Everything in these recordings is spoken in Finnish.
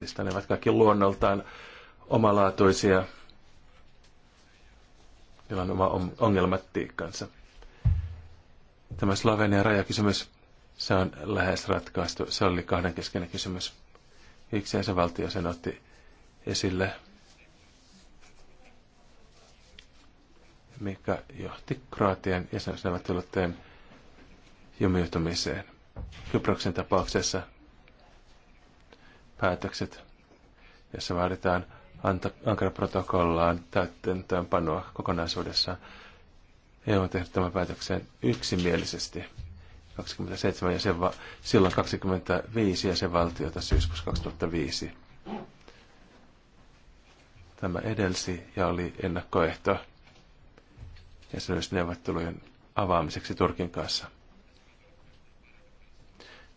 Niistä ne ovat kaikki luonnoltaan omalaatuisia. Niillä on oma ongelmatiikkansa. Tämä Slovenian rajakysymys, se on lähes ratkaistu. Se oli kahdenkeskeinen kysymys. se valtio sen otti esille, mikä johti Kroatian jäsenyysneuvotteluiden jumiutumiseen. Kyproksen tapauksessa – päätökset, jossa vaaditaan Ankara-protokollaan täytäntöönpanoa kokonaisuudessaan. EU on tehnyt tämän päätöksen yksimielisesti. 27 ja va silloin 25 ja valtiota syyskuussa 2005. Tämä edelsi ja oli ennakkoehto neuvottelujen avaamiseksi Turkin kanssa.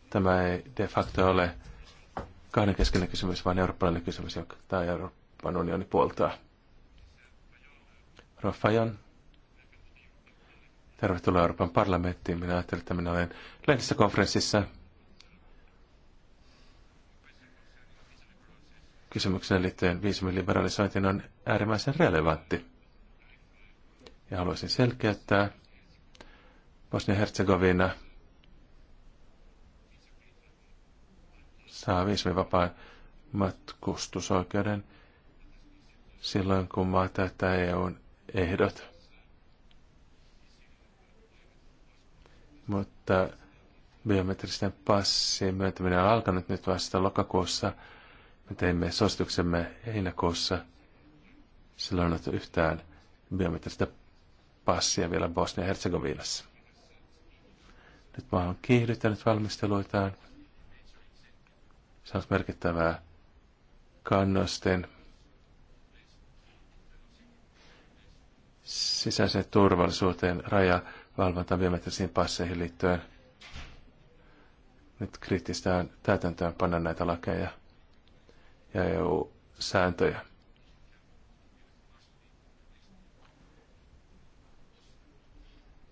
Tämä ei de facto ole kahdenkeskeinen kysymys, vaan eurooppalainen kysymys, joka tämä Euroopan unioni puoltaa. Rafajan, tervetuloa Euroopan parlamenttiin. Minä ajattelin, että minä olen konferenssissa. Kysymyksen liittyen viisumin liberalisointiin on äärimmäisen relevantti. Ja haluaisin selkeyttää Bosnia-Herzegovina – saa viisumivapaan matkustusoikeuden silloin, kun maa täyttää EUn ehdot. Mutta biometristen passien myöntäminen on alkanut nyt vasta lokakuussa. Me teimme suosituksemme heinäkuussa. Silloin on yhtään biometristä passia vielä Bosnia-Herzegovinassa. Nyt maa on kiihdyttänyt valmisteluitaan saanut merkittävää kannusten sisäiseen turvallisuuteen, rajavalvontaan, biometrisiin passeihin liittyen. Nyt kriittistä on täytäntöön panna näitä lakeja ja EU-sääntöjä.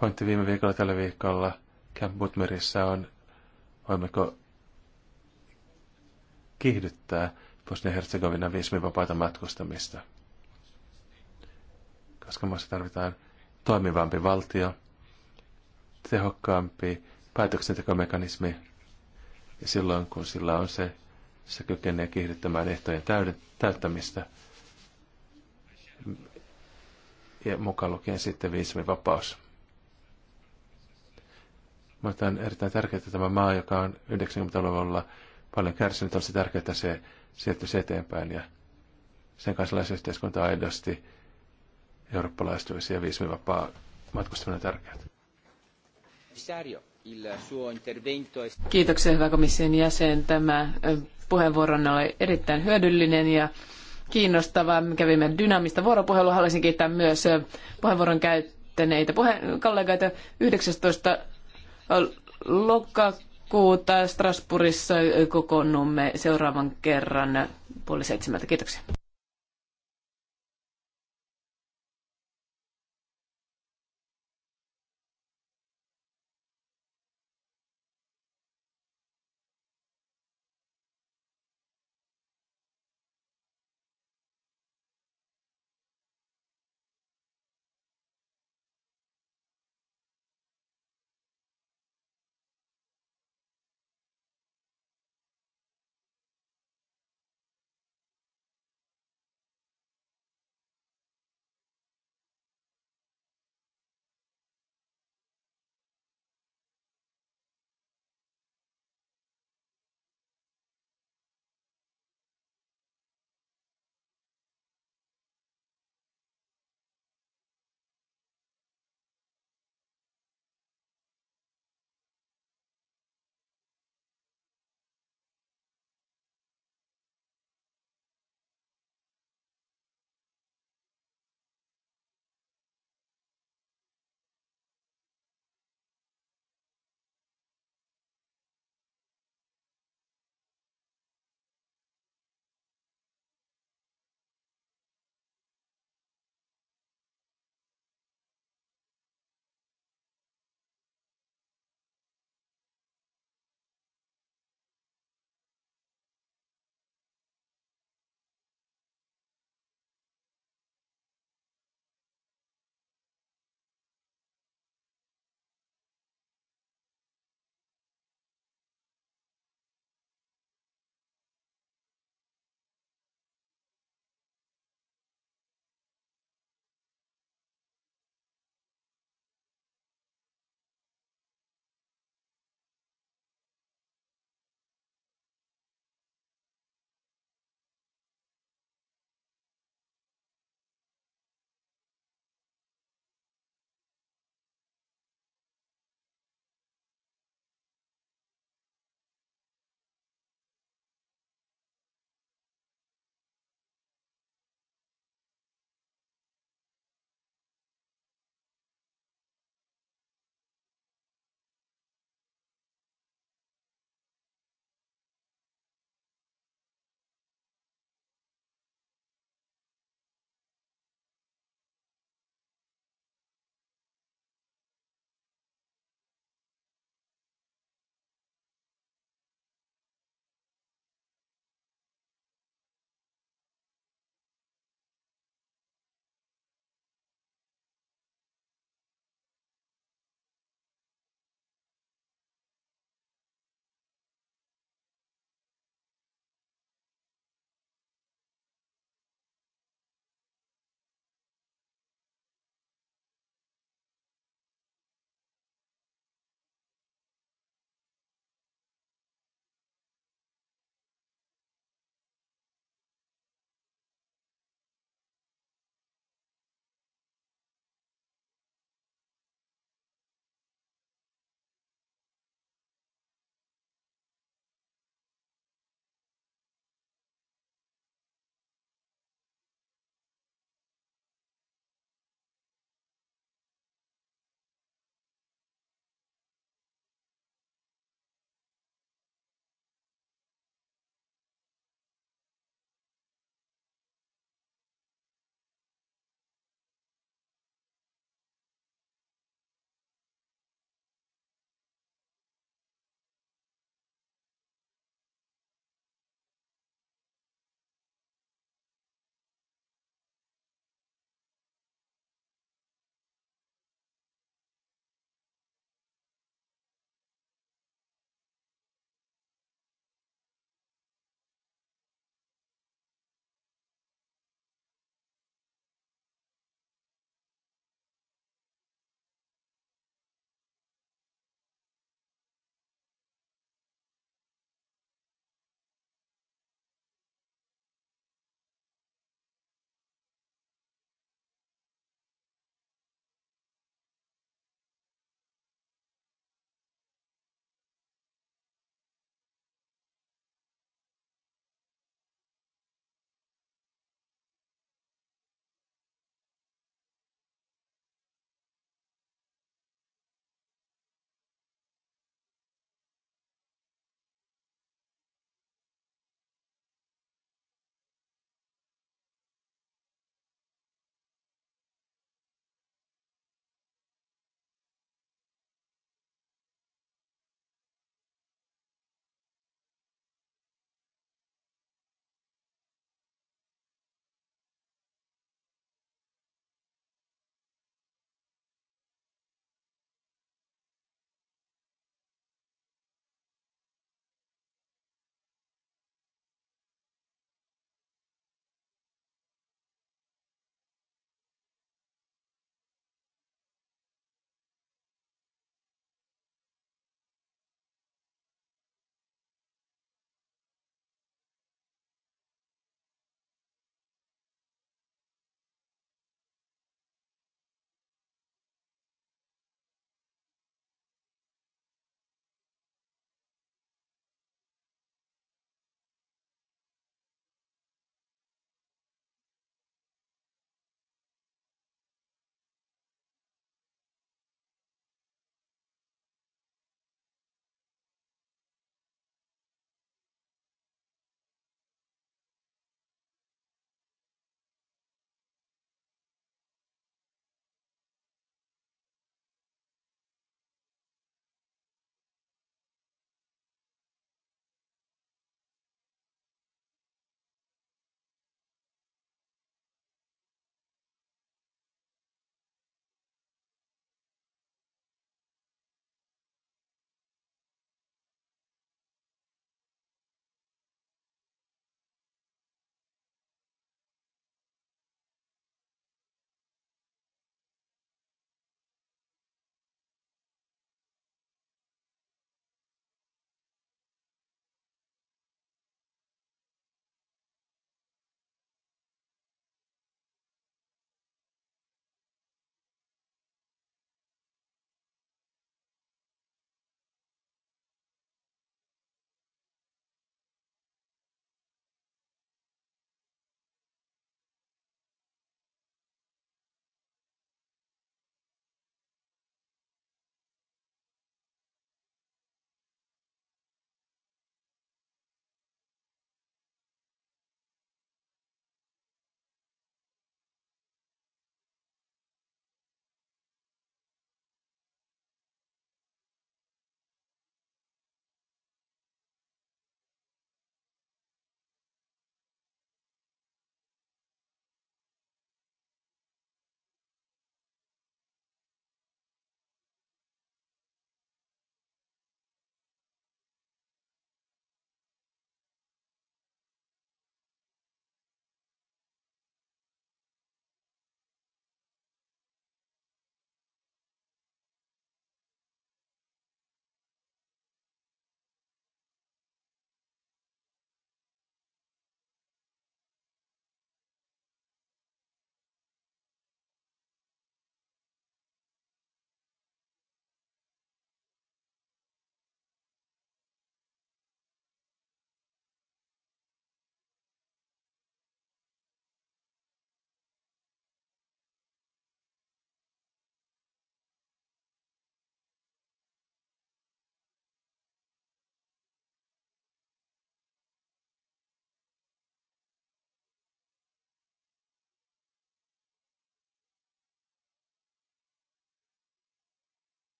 Pointti viime viikolla tällä viikolla Camp Butmerissä on, voimmeko kiihdyttää Bosnia-Herzegovinan viisumivapaata matkustamista. Koska maassa tarvitaan toimivampi valtio, tehokkaampi päätöksentekomekanismi, ja silloin kun sillä on se, se kykenee kiihdyttämään ehtojen täyttämistä, ja mukaan lukien sitten viisumivapaus. Mutta on erittäin tärkeää että tämä maa, joka on 90-luvulla paljon kärsinyt. on se tärkeää, että se siirtyisi eteenpäin ja sen kansalaisyhteiskunta aidosti eurooppalaistuisi ja viisumivapaa matkustaminen on tärkeää. Kiitoksia hyvä komission jäsen. Tämä puheenvuoronne oli erittäin hyödyllinen ja kiinnostava. Me kävimme dynaamista vuoropuhelua. Haluaisin kiittää myös puheenvuoron käyttäneitä puhe- kollegoita 19. lokakuuta syyskuuta Strasbourgissa kokoonnumme seuraavan kerran puoli seitsemältä. Kiitoksia.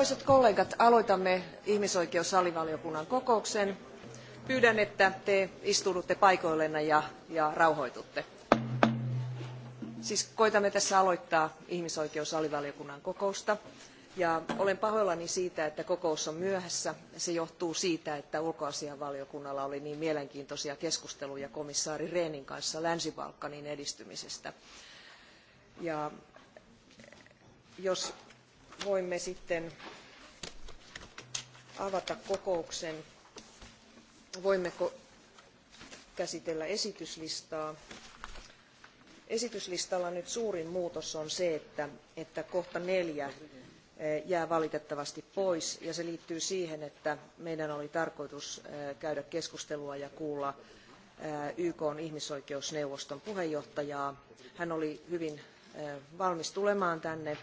Arvoisat kollegat, aloitamme ihmisoikeusalivaliokunnan kokouksen. Pyydän, että te istuudutte paikoillenne ja, ja rauhoitutte. Siis koitamme tässä aloittaa ihmisoikeusalivaliokunnan kokousta. Ja olen pahoillani siitä, että kokous on myöhässä. Se johtuu siitä, että ulkoasianvaliokunnalla oli niin mielenkiintoisia keskusteluja komissaari Rehnin kanssa Länsi-Balkanin edistymisestä. Ja jos voimme sitten avata kokouksen. Voimmeko käsitellä esityslistaa? Esityslistalla nyt suurin muutos on se, että, että kohta neljä eh, jää valitettavasti pois ja se liittyy siihen, että meidän oli tarkoitus eh, käydä keskustelua ja kuulla eh, YK on ihmisoikeusneuvoston puheenjohtajaa. Hän oli hyvin valmis tulemaan tänne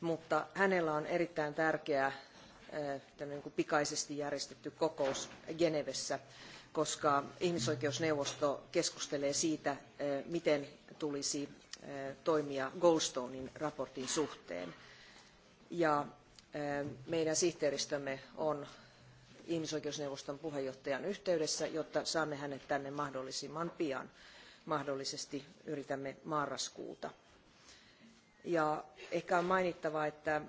mutta hänellä on erittäin tärkeä niin kuin pikaisesti järjestetty kokous Genevessä, koska ihmisoikeusneuvosto keskustelee siitä, miten tulisi toimia Goldstonein raportin suhteen. Ja meidän sihteeristömme on ihmisoikeusneuvoston puheenjohtajan yhteydessä, jotta saamme hänet tänne mahdollisimman pian. Mahdollisesti yritämme marraskuuta. Ja ehkä on mainittava, että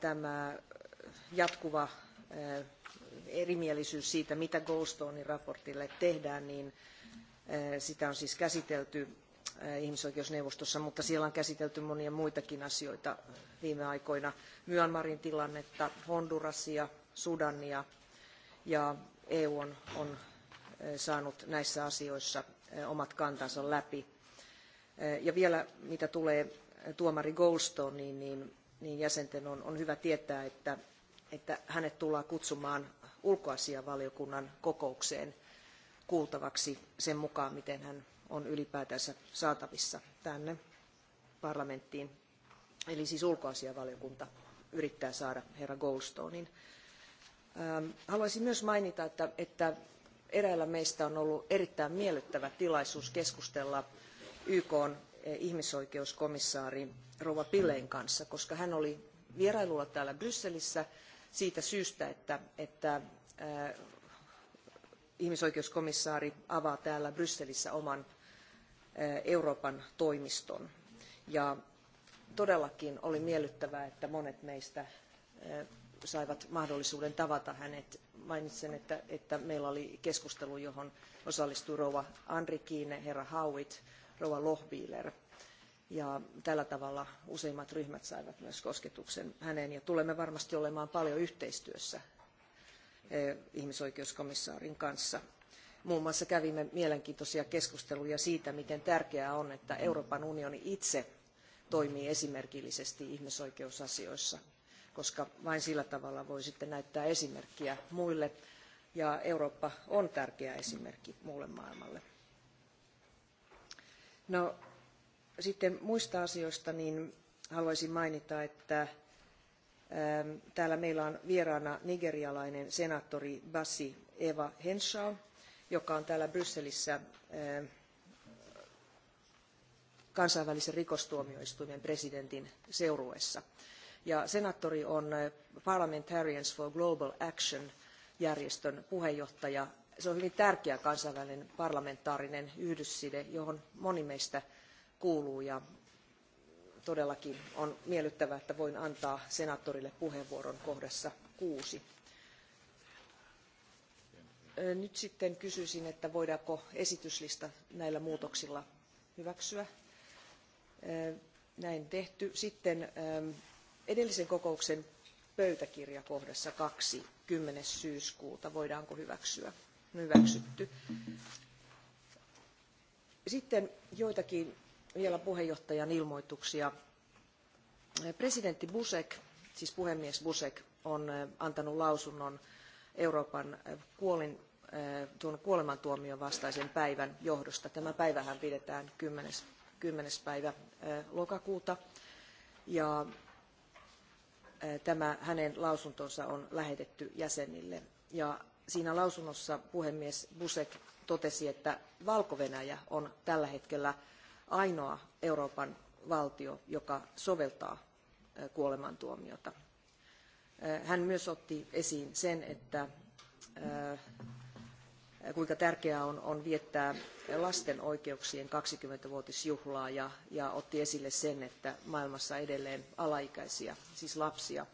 tämä jatkuva erimielisyys siitä, mitä Goldstonein raportille tehdään, niin sitä on siis käsitelty ihmisoikeusneuvostossa, mutta siellä on käsitelty monia muitakin asioita viime aikoina. Myanmarin tilannetta, Hondurasia, Sudania ja EU on, on saanut näissä asioissa omat kantansa läpi ja vielä mitä tulee tuomari Goldstone, niin, niin, niin jäsenten on, on, hyvä tietää, että, että hänet tullaan kutsumaan ulkoasianvaliokunnan kokoukseen kuultavaksi sen mukaan, miten hän on ylipäätänsä saatavissa tänne parlamenttiin. Eli siis ulkoasianvaliokunta yrittää saada herra Goldstonein. Haluaisin myös mainita, että, että eräillä meistä on ollut erittäin miellyttävä tilaisuus keskustella YK eh, ihmisoikeuskomissaari Rova Pilein kanssa, koska hän oli vierailulla täällä Brysselissä siitä syystä, että, että eh, ihmisoikeuskomissaari avaa täällä Brysselissä oman eh, Euroopan toimiston. Ja todellakin oli miellyttävää, että monet meistä saivat mahdollisuuden tavata hänet. Mainitsen, että, että meillä oli keskustelu, johon osallistui rouva Andrikiine, herra Howitt, rouva Lohbiiler. Ja tällä tavalla useimmat ryhmät saivat myös kosketuksen häneen ja tulemme varmasti olemaan paljon yhteistyössä eh, ihmisoikeuskomissaarin kanssa. Muun muassa kävimme mielenkiintoisia keskusteluja siitä, miten tärkeää on, että Euroopan unioni itse toimii esimerkillisesti ihmisoikeusasioissa, koska vain sillä tavalla voi sitten näyttää esimerkkiä muille. Ja Eurooppa on tärkeä esimerkki muulle maailmalle. No, sitten muista asioista niin haluaisin mainita, että ähm, täällä meillä on vieraana nigerialainen senaattori Bassi Eva Henshaw, joka on täällä Brysselissä ähm, kansainvälisen rikostuomioistuimen presidentin seurueessa. Ja senaattori on äh, Parliamentarians for Global Action järjestön puheenjohtaja se on hyvin tärkeä kansainvälinen parlamentaarinen yhdysside, johon moni meistä kuuluu ja todellakin on miellyttävää, että voin antaa senaattorille puheenvuoron kohdassa kuusi. Nyt sitten kysyisin, että voidaanko esityslista näillä muutoksilla hyväksyä. Näin tehty. Sitten edellisen kokouksen pöytäkirja kohdassa 2, syyskuuta. Voidaanko hyväksyä? hyväksytty. Sitten joitakin vielä puheenjohtajan ilmoituksia. Presidentti Busek, siis puhemies Busek, on äh, antanut lausunnon Euroopan äh, kuolin, äh, tuon kuolemantuomion vastaisen päivän johdosta. Tämä päivähän pidetään 10. 10. päivä lokakuuta. Ja tämä hänen lausuntonsa on lähetetty jäsenille. Ja Siinä lausunnossa puhemies Busek totesi, että Valko-Venäjä on tällä hetkellä ainoa Euroopan valtio, joka soveltaa kuolemantuomiota. Hän myös otti esiin sen, että kuinka tärkeää on, on viettää lasten oikeuksien 20-vuotisjuhlaa ja, ja otti esille sen, että maailmassa edelleen alaikäisiä, siis lapsia,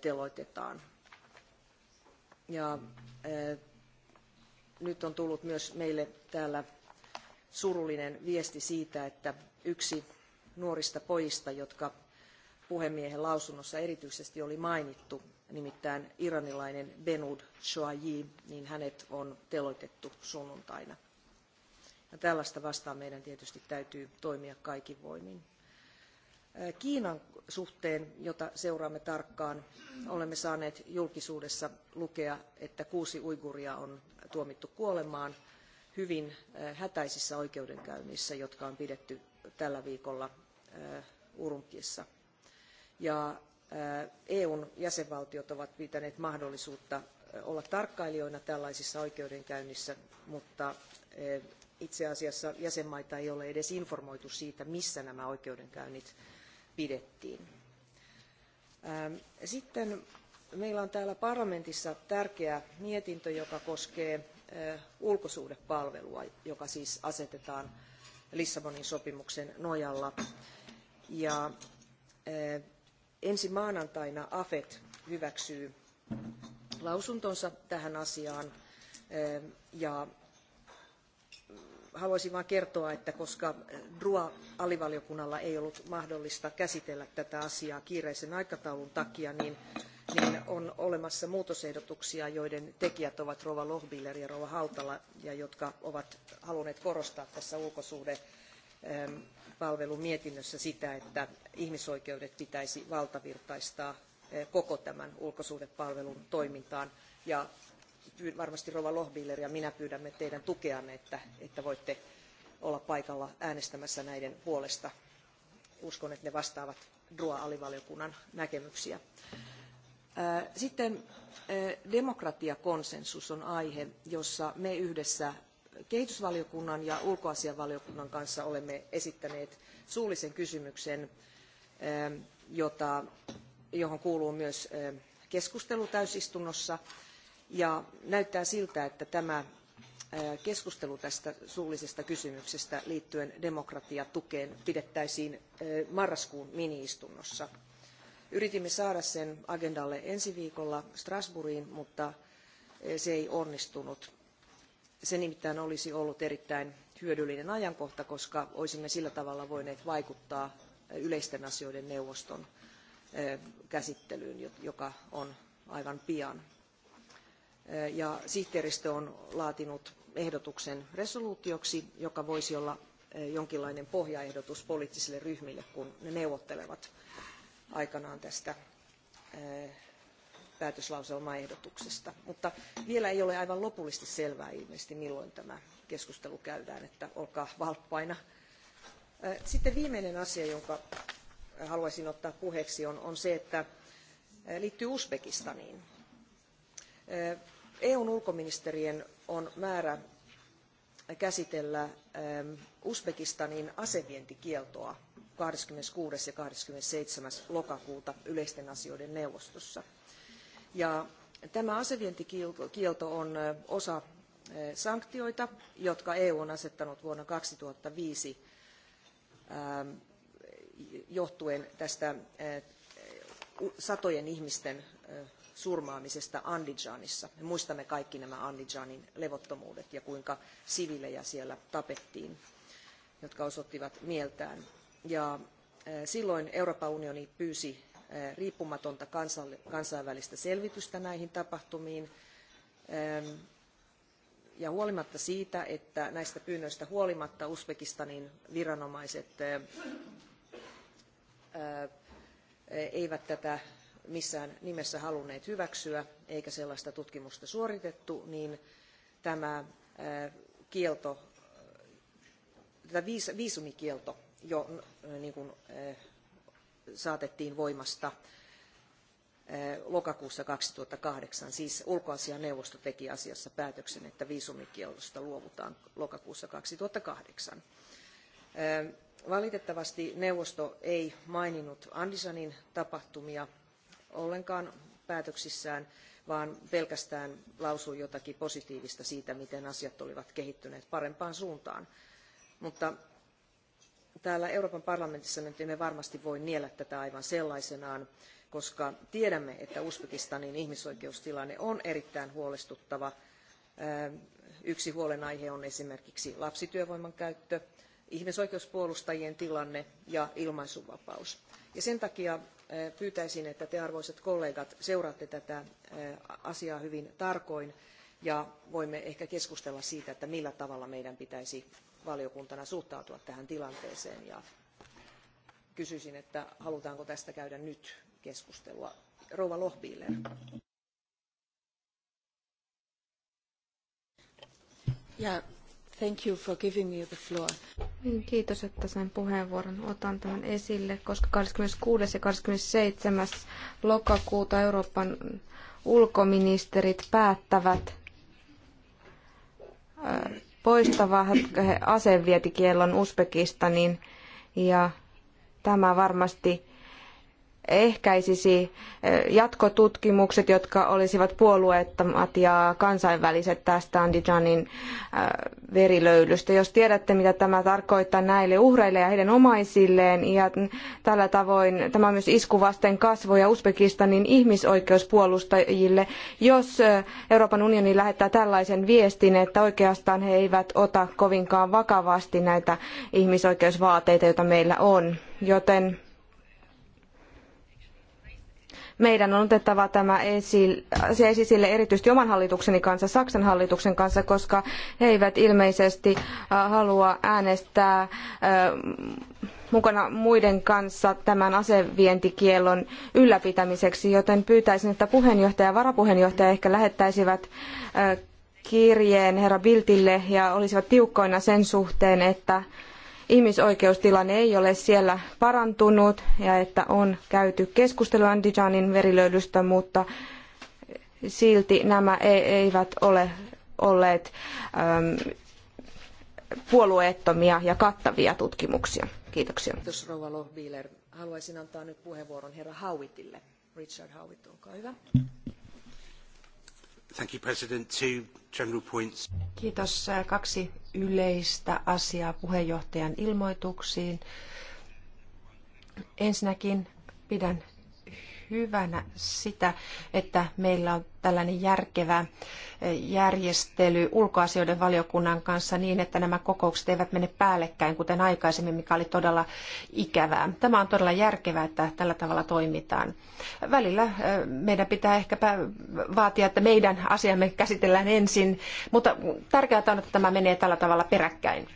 teloitetaan. Ja ää, äh, nyt on tullut myös meille täällä surullinen viesti siitä, että yksi nuorista pojista, jotka puhemiehen lausunnossa erityisesti oli mainittu, nimittäin iranilainen Benud Shoaji, niin hänet on teloitettu sunnuntaina. Ja tällaista vastaan meidän tietysti täytyy toimia kaikin voimin. Kiinan suhteen, jota seuraamme tarkkaan, olemme saaneet julkisuudessa lukea, että kuusi uiguria on tuomittu kuolemaan hyvin eh, hätäisissä oikeudenkäynnissä, jotka on pidetty tällä viikolla eh, Urumqissa. Ja EUn eh, e jäsenvaltiot ovat pitäneet mahdollisuutta olla tarkkailijoina tällaisissa oikeudenkäynnissä, mutta itse asiassa jäsenmaita ei ole edes informoitu siitä, missä nämä oikeudenkäynnit pidettiin. Ähm, sitten meillä on täällä parlamentissa tärkeä mietintö, joka koskee äh, ulkosuhdepalvelua, joka siis asetetaan Lissabonin sopimuksen nojalla. Ja äh, ensi maanantaina AFET hyväksyy lausuntonsa tähän asiaan äh, ja haluaisin vain kertoa, että koska DRUA-alivaliokunnalla ei ollut mahdollista käsitellä tätä asiaa kiireisen aikataulun takia, niin, niin on olemassa muutosehdotuksia, joiden tekijät ovat Rova Lohbiller ja Rova Hautala, ja jotka ovat halunneet korostaa tässä ulkosuhde ähm, palvelun mietinnössä sitä, että ihmisoikeudet pitäisi valtavirtaistaa äh, koko tämän ulkosuhdepalvelun toimintaan ja varmasti Rova Lohbiller ja minä pyydämme teidän tukeanne, että, että voitte olla paikalla äänestämässä näiden puolesta. Uskon, että ne vastaavat DROA-alivaliokunnan näkemyksiä. Äh, sitten äh, demokratiakonsensus on aihe, jossa me yhdessä kehitysvaliokunnan ja ulkoasianvaliokunnan kanssa olemme esittäneet suullisen kysymyksen, äh, jota, johon kuuluu myös keskustelu täysistunnossa ja näyttää siltä, että tämä keskustelu tästä suullisesta kysymyksestä liittyen demokratiatukeen pidettäisiin marraskuun istunnossa. Yritimme saada sen agendalle ensi viikolla Strasbourgiin, mutta se ei onnistunut. Se nimittäin olisi ollut erittäin hyödyllinen ajankohta, koska olisimme sillä tavalla voineet vaikuttaa yleisten asioiden neuvoston käsittelyyn, joka on aivan pian ja sihteeristö on laatinut ehdotuksen resoluutioksi, joka voisi olla jonkinlainen pohjaehdotus poliittisille ryhmille, kun ne neuvottelevat aikanaan tästä päätöslauselmaehdotuksesta. Mutta vielä ei ole aivan lopullisesti selvää ilmeisesti, milloin tämä keskustelu käydään, että olkaa valppaina. Sitten viimeinen asia, jonka haluaisin ottaa puheeksi, on, on se, että liittyy Uzbekistaniin EUn ulkoministerien on määrä käsitellä ähm, Uzbekistanin asevientikieltoa 26. ja 27. lokakuuta yleisten asioiden neuvostossa. Ja tämä asevientikielto on äh, osa äh, sanktioita, jotka EU on asettanut vuonna 2005 ähm, johtuen tästä äh, satojen ihmisten surmaamisesta Andijanissa. Me muistamme kaikki nämä Andijanin levottomuudet ja kuinka sivilejä siellä tapettiin, jotka osoittivat mieltään. Ja silloin Euroopan unioni pyysi riippumatonta kansainvälistä selvitystä näihin tapahtumiin. Ja huolimatta siitä, että näistä pyynnöistä huolimatta Uzbekistanin viranomaiset eivät tätä missään nimessä halunneet hyväksyä eikä sellaista tutkimusta suoritettu, niin tämä kielto, tämä viisumikielto jo niin kuin, saatettiin voimasta lokakuussa 2008. Siis ulkoasianneuvosto teki asiassa päätöksen, että viisumikielosta luovutaan lokakuussa 2008. Valitettavasti neuvosto ei maininnut Andisanin tapahtumia ollenkaan päätöksissään, vaan pelkästään lausui jotakin positiivista siitä, miten asiat olivat kehittyneet parempaan suuntaan. Mutta täällä Euroopan parlamentissa nyt emme varmasti voi niellä tätä aivan sellaisenaan, koska tiedämme, että Uzbekistanin ihmisoikeustilanne on erittäin huolestuttava. Yksi huolenaihe on esimerkiksi lapsityövoiman käyttö ihmisoikeuspuolustajien tilanne ja ilmaisunvapaus. Ja sen takia pyytäisin, että te arvoisat kollegat seuraatte tätä asiaa hyvin tarkoin ja voimme ehkä keskustella siitä, että millä tavalla meidän pitäisi valiokuntana suhtautua tähän tilanteeseen. Ja kysyisin, että halutaanko tästä käydä nyt keskustelua. Rouva Lohbiler. Yeah, thank you for giving me the floor. Niin, kiitos, että sain puheenvuoron. Otan tämän esille, koska 26. ja 27. lokakuuta Euroopan ulkoministerit päättävät poistavat asevietikiellon Uzbekistaniin ja tämä varmasti ehkäisisi eh, jatkotutkimukset, jotka olisivat puolueettomat ja kansainväliset tästä Andijanin eh, verilöylystä. Jos tiedätte, mitä tämä tarkoittaa näille uhreille ja heidän omaisilleen, ja tällä tavoin tämä on myös isku vasten kasvoja Uzbekistanin ihmisoikeuspuolustajille, jos eh, Euroopan unioni lähettää tällaisen viestin, että oikeastaan he eivät ota kovinkaan vakavasti näitä ihmisoikeusvaateita, joita meillä on. Joten meidän on otettava tämä asia esille erityisesti oman hallitukseni kanssa, Saksan hallituksen kanssa, koska he eivät ilmeisesti äh, halua äänestää äh, mukana muiden kanssa tämän asevientikielon ylläpitämiseksi, joten pyytäisin, että puheenjohtaja ja varapuheenjohtaja ehkä lähettäisivät äh, kirjeen herra bildtille ja olisivat tiukkoina sen suhteen, että ihmisoikeustilanne ei ole siellä parantunut ja että on käyty keskustelua Andijanin verilöylystä, mutta silti nämä e- eivät ole olleet ähm, puolueettomia ja kattavia tutkimuksia. Kiitoksia. Kiitos Rouva Lohbiler. Haluaisin antaa nyt puheenvuoron herra Howittille. Richard Howitt, olkaa hyvä. Thank you, President. To general points. Kiitos. Kaksi yleistä asiaa puheenjohtajan ilmoituksiin. Ensinnäkin pidän hyvänä sitä, että meillä on tällainen järkevä eh, järjestely ulkoasioiden valiokunnan kanssa niin, että nämä kokoukset eivät mene päällekkäin, kuten aikaisemmin, mikä oli todella ikävää. Tämä on todella järkevää, että tällä tavalla toimitaan. Välillä eh, meidän pitää ehkäpä vaatia, että meidän asiamme käsitellään ensin, mutta tärkeää on, että tämä menee tällä tavalla peräkkäin.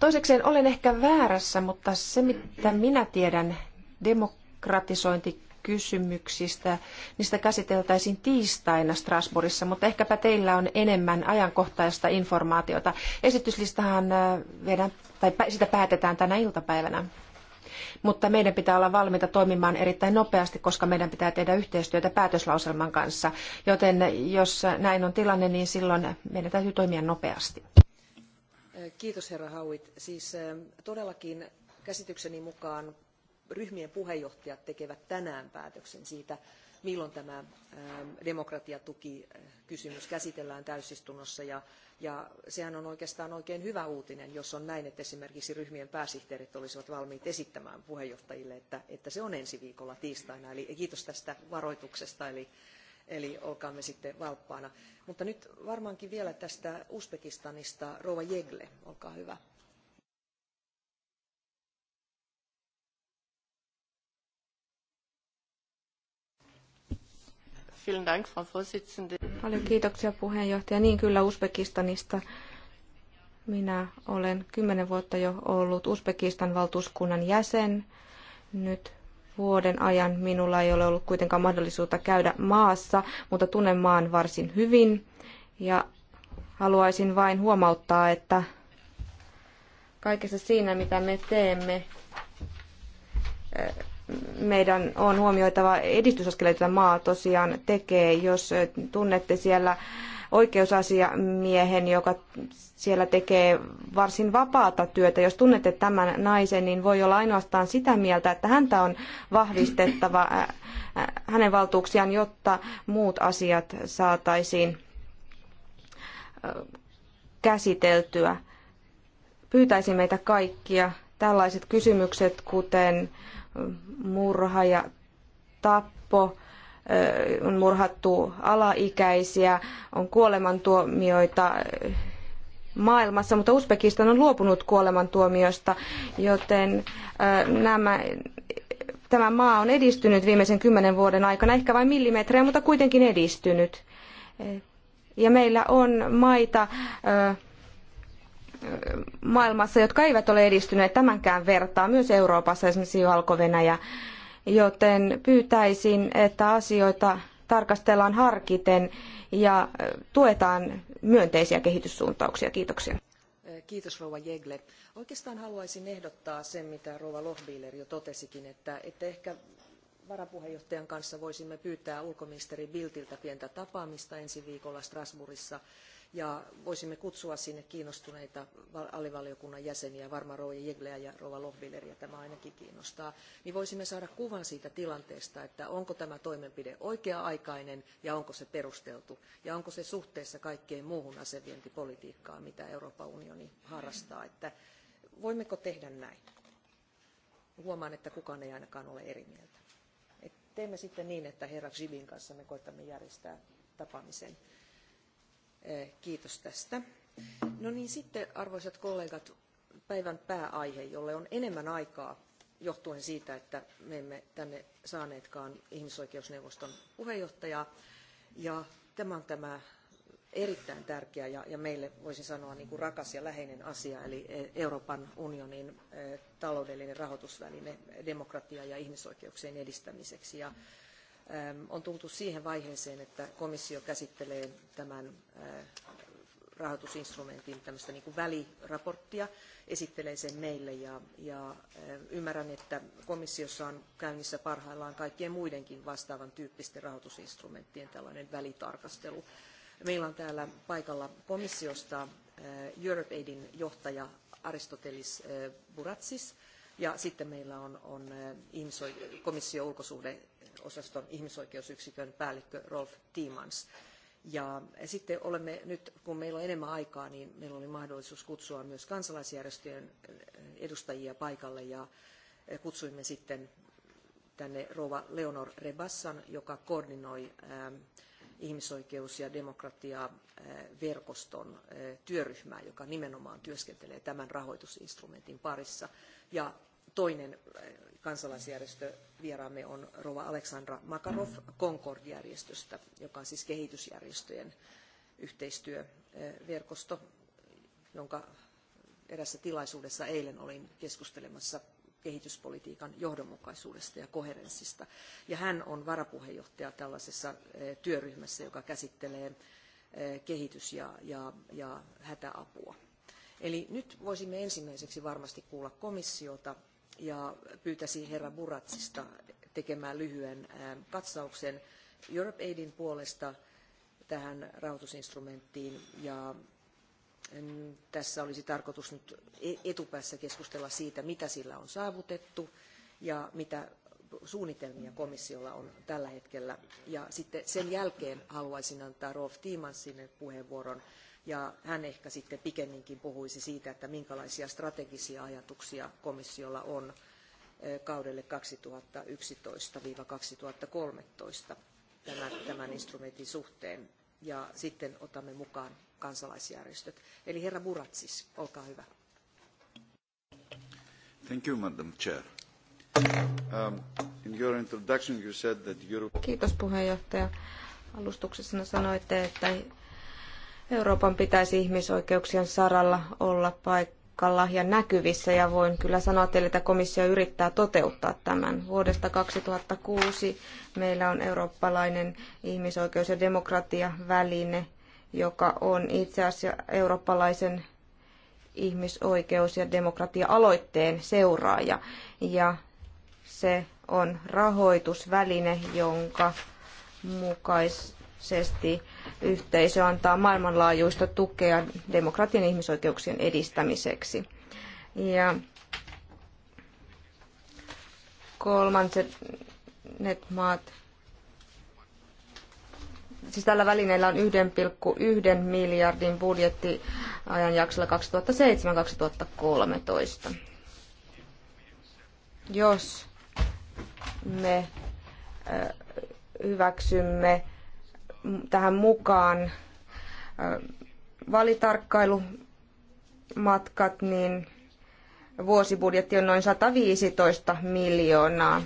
Toisekseen olen ehkä väärässä, mutta se mitä minä tiedän demokratisointi kysymyksistä, niistä käsiteltäisiin tiistaina Strasbourgissa, mutta ehkäpä teillä on enemmän ajankohtaista informaatiota. Esityslistahan äh, viedään, tai sitä päätetään tänä iltapäivänä. Mutta meidän pitää olla valmiita toimimaan erittäin nopeasti, koska meidän pitää tehdä yhteistyötä päätöslauselman kanssa. Joten jos näin on tilanne, niin silloin meidän täytyy toimia nopeasti. Kiitos herra Hauit. Siis ähm, todellakin käsitykseni mukaan ryhmien puheenjohtajat tekevät tänään päätöksen siitä, milloin tämä ähm, demokratiatukikysymys käsitellään täysistunnossa. Ja, ja sehän on oikeastaan oikein hyvä uutinen, jos on näin, että esimerkiksi ryhmien pääsihteerit olisivat valmiit esittämään puheenjohtajille, että, että se on ensi viikolla tiistaina. Eli kiitos tästä varoituksesta. Eli, eli olkaamme sitten valppaana. Mutta nyt varmaankin vielä tästä Uzbekistanista. Rova Jegle, olkaa hyvä. Vielen Dank, Paljon kiitoksia puheenjohtaja. Niin kyllä Uzbekistanista. Minä olen kymmenen vuotta jo ollut Uzbekistan valtuuskunnan jäsen. Nyt vuoden ajan minulla ei ole ollut kuitenkaan mahdollisuutta käydä maassa, mutta tunnen maan varsin hyvin. Ja haluaisin vain huomauttaa, että kaikessa siinä, mitä me teemme, meidän on huomioitava edistysaskeleita maa tosiaan tekee, jos tunnette siellä oikeusasiamiehen, joka siellä tekee varsin vapaata työtä. Jos tunnette tämän naisen, niin voi olla ainoastaan sitä mieltä, että häntä on vahvistettava hänen valtuuksiaan, jotta muut asiat saataisiin käsiteltyä. Pyytäisin meitä kaikkia tällaiset kysymykset, kuten murha ja tappo, on murhattu alaikäisiä, on kuolemantuomioita maailmassa, mutta Uzbekistan on luopunut kuolemantuomiosta, joten nämä, tämä maa on edistynyt viimeisen kymmenen vuoden aikana, ehkä vain millimetrejä, mutta kuitenkin edistynyt. Ja meillä on maita, maailmassa, jotka eivät ole edistyneet tämänkään vertaa, myös Euroopassa, esimerkiksi valko -Venäjä. Joten pyytäisin, että asioita tarkastellaan harkiten ja tuetaan myönteisiä kehityssuuntauksia. Kiitoksia. Kiitos Rouva Jegle. Oikeastaan haluaisin ehdottaa sen, mitä Rouva Lohbiler jo totesikin, että, että ehkä varapuheenjohtajan kanssa voisimme pyytää ulkoministeri Biltiltä pientä tapaamista ensi viikolla Strasbourgissa ja voisimme kutsua sinne kiinnostuneita alivaliokunnan jäseniä, varmaan Rouva Jegleä ja Rouva Lohbilleria tämä ainakin kiinnostaa, niin voisimme saada kuvan siitä tilanteesta, että onko tämä toimenpide oikea-aikainen ja onko se perusteltu ja onko se suhteessa kaikkeen muuhun asevientipolitiikkaan, mitä Euroopan unioni harrastaa. Että voimmeko tehdä näin? Huomaan, että kukaan ei ainakaan ole eri mieltä. Et teemme sitten niin, että herra Zibin kanssa me koetamme järjestää tapaamisen Eh, kiitos tästä. No niin, sitten arvoisat kollegat, päivän pääaihe, jolle on enemmän aikaa johtuen siitä, että me emme tänne saaneetkaan ihmisoikeusneuvoston puheenjohtajaa. Ja tämä on tämä erittäin tärkeä ja, ja meille voisin sanoa niin kuin rakas ja läheinen asia, eli e- Euroopan unionin eh, taloudellinen rahoitusväline demokratia ja ihmisoikeuksien edistämiseksi. Ja on tultu siihen vaiheeseen, että komissio käsittelee tämän rahoitusinstrumentin tämmöistä niin kuin väliraporttia, esittelee sen meille ja, ja ymmärrän, että komissiossa on käynnissä parhaillaan kaikkien muidenkin vastaavan tyyppisten rahoitusinstrumenttien tällainen välitarkastelu. Meillä on täällä paikalla komissiosta EuropeAidin johtaja Aristotelis Buratsis – ja sitten meillä on, on ihmisoike- komission ulkosuhdeosaston ihmisoikeusyksikön päällikkö Rolf Tiemans. Ja sitten olemme nyt, kun meillä on enemmän aikaa, niin meillä oli mahdollisuus kutsua myös kansalaisjärjestöjen edustajia paikalle ja kutsuimme sitten tänne rouva Leonor Rebassan, joka koordinoi ihmisoikeus- ja demokratiaverkoston eh, työryhmää, joka nimenomaan työskentelee tämän rahoitusinstrumentin parissa. Ja toinen eh, kansalaisjärjestö vieraamme on Rova Aleksandra Makarov Concord-järjestöstä, joka on siis kehitysjärjestöjen yhteistyöverkosto, eh, jonka erässä tilaisuudessa eilen olin keskustelemassa kehityspolitiikan johdonmukaisuudesta ja koherenssista. Ja hän on varapuheenjohtaja tällaisessa eh, työryhmässä, joka käsittelee eh, kehitys- ja, ja, ja hätäapua. Eli nyt voisimme ensimmäiseksi varmasti kuulla komissiota ja pyytäisin herra Buratsista tekemään lyhyen eh, katsauksen Europe Aidin puolesta tähän rahoitusinstrumenttiin ja tässä olisi tarkoitus nyt e-, etupäässä keskustella siitä, mitä sillä on saavutettu ja mitä suunnitelmia komissiolla on tällä hetkellä. Ja sitten sen jälkeen haluaisin antaa Rolf Tiemansille puheenvuoron, ja hän ehkä sitten pikemminkin puhuisi siitä, että minkälaisia strategisia ajatuksia komissiolla on kaudelle 2011-2013 tämän, tämän instrumentin suhteen ja sitten otamme mukaan kansalaisjärjestöt. Eli herra Muratsis, olkaa hyvä. Thank you, Madam Chair. Um, in your introduction you said that Europe... Kiitos puheenjohtaja. Alustuksessa sanoitte, että Euroopan pitäisi ihmisoikeuksien saralla olla paikka tarkalla ja näkyvissä ja voin kyllä sanoa teille, että komissio yrittää toteuttaa tämän. Vuodesta 2006 meillä on eurooppalainen ihmisoikeus- ja demokratiaväline, joka on itse asiassa eurooppalaisen ihmisoikeus- ja demokratia-aloitteen seuraaja. Ja se on rahoitusväline, jonka mukais, mukaisesti yhteisö antaa maailmanlaajuista tukea demokratian ja ihmisoikeuksien edistämiseksi. Ja kolmannet maat siis tällä välineellä on 1,1 miljardin budjetti ajanjaksolla 2007-2013. Jos me hyväksymme tähän mukaan valitarkkailumatkat, niin vuosibudjetti on noin 115 miljoonaa.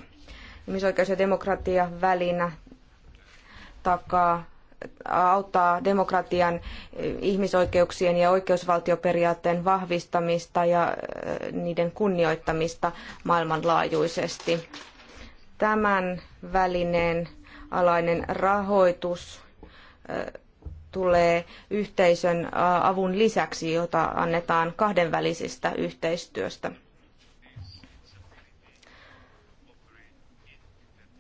Ihmisoikeus- ja demokratia välinä takaa auttaa demokratian, ihmisoikeuksien ja oikeusvaltioperiaatteen vahvistamista ja niiden kunnioittamista maailmanlaajuisesti. Tämän välineen alainen rahoitus tulee yhteisön avun lisäksi, jota annetaan kahdenvälisestä yhteistyöstä.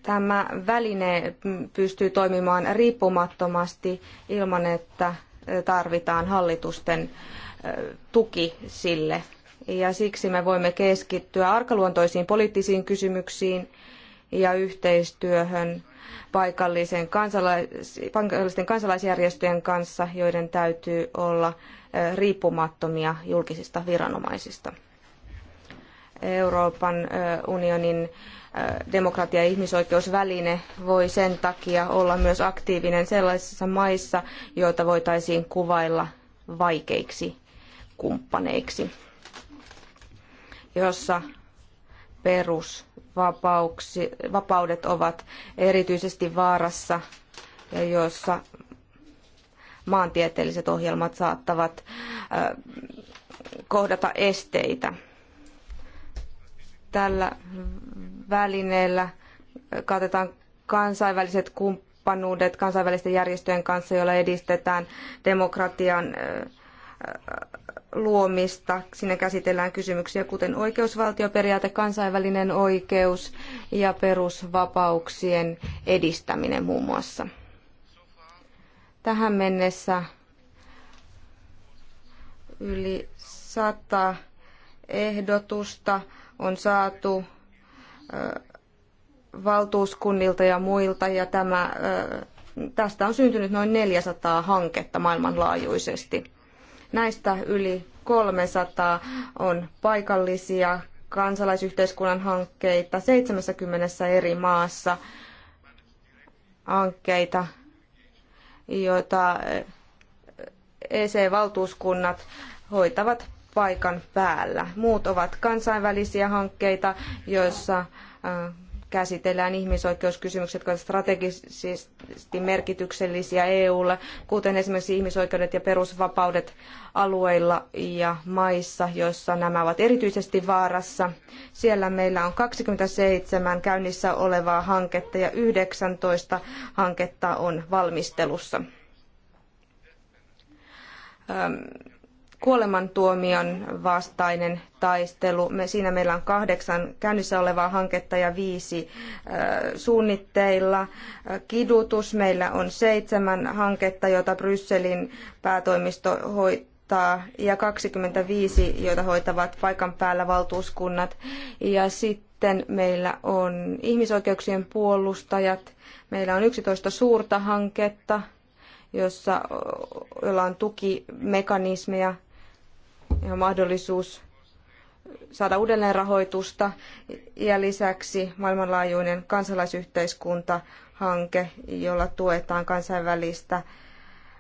Tämä väline pystyy toimimaan riippumattomasti ilman, että tarvitaan hallitusten tuki sille. Ja siksi me voimme keskittyä arkaluontoisiin poliittisiin kysymyksiin ja yhteistyöhön paikallisen kansalais- paikallisten kansalaisjärjestöjen kanssa, joiden täytyy olla riippumattomia julkisista viranomaisista. Euroopan unionin demokratia- ja ihmisoikeusväline voi sen takia olla myös aktiivinen sellaisissa maissa, joita voitaisiin kuvailla vaikeiksi kumppaneiksi, jossa perusvapaudet ovat erityisesti vaarassa ja joissa maantieteelliset ohjelmat saattavat kohdata esteitä. Tällä välineellä katetaan kansainväliset kumppanuudet kansainvälisten järjestöjen kanssa, joilla edistetään demokratian luomista. Siinä käsitellään kysymyksiä kuten oikeusvaltioperiaate, kansainvälinen oikeus ja perusvapauksien edistäminen muun muassa. Tähän mennessä yli sata ehdotusta on saatu valtuuskunnilta ja muilta ja tämä, tästä on syntynyt noin 400 hanketta maailmanlaajuisesti. Näistä yli 300 on paikallisia kansalaisyhteiskunnan hankkeita 70 eri maassa hankkeita, joita EC-valtuuskunnat eh, e hoitavat paikan päällä. Muut ovat kansainvälisiä hankkeita, joissa eh, käsitellään ihmisoikeuskysymykset, jotka ovat strategisesti merkityksellisiä EUlle, kuten esimerkiksi ihmisoikeudet ja perusvapaudet alueilla ja maissa, joissa nämä ovat erityisesti vaarassa. Siellä meillä on 27 käynnissä olevaa hanketta ja 19 hanketta on valmistelussa. Öm kuolemantuomion vastainen taistelu. Me, siinä meillä on kahdeksan käynnissä olevaa hanketta ja viisi ö, suunnitteilla. Kidutus meillä on seitsemän hanketta, joita Brysselin päätoimisto hoitaa ja 25, joita hoitavat paikan päällä valtuuskunnat. Ja sitten meillä on ihmisoikeuksien puolustajat. Meillä on 11 suurta hanketta, jossa, jolla on tukimekanismeja ja mahdollisuus saada uudelleen rahoitusta ja lisäksi maailmanlaajuinen kansalaisyhteiskuntahanke, jolla tuetaan kansainvälistä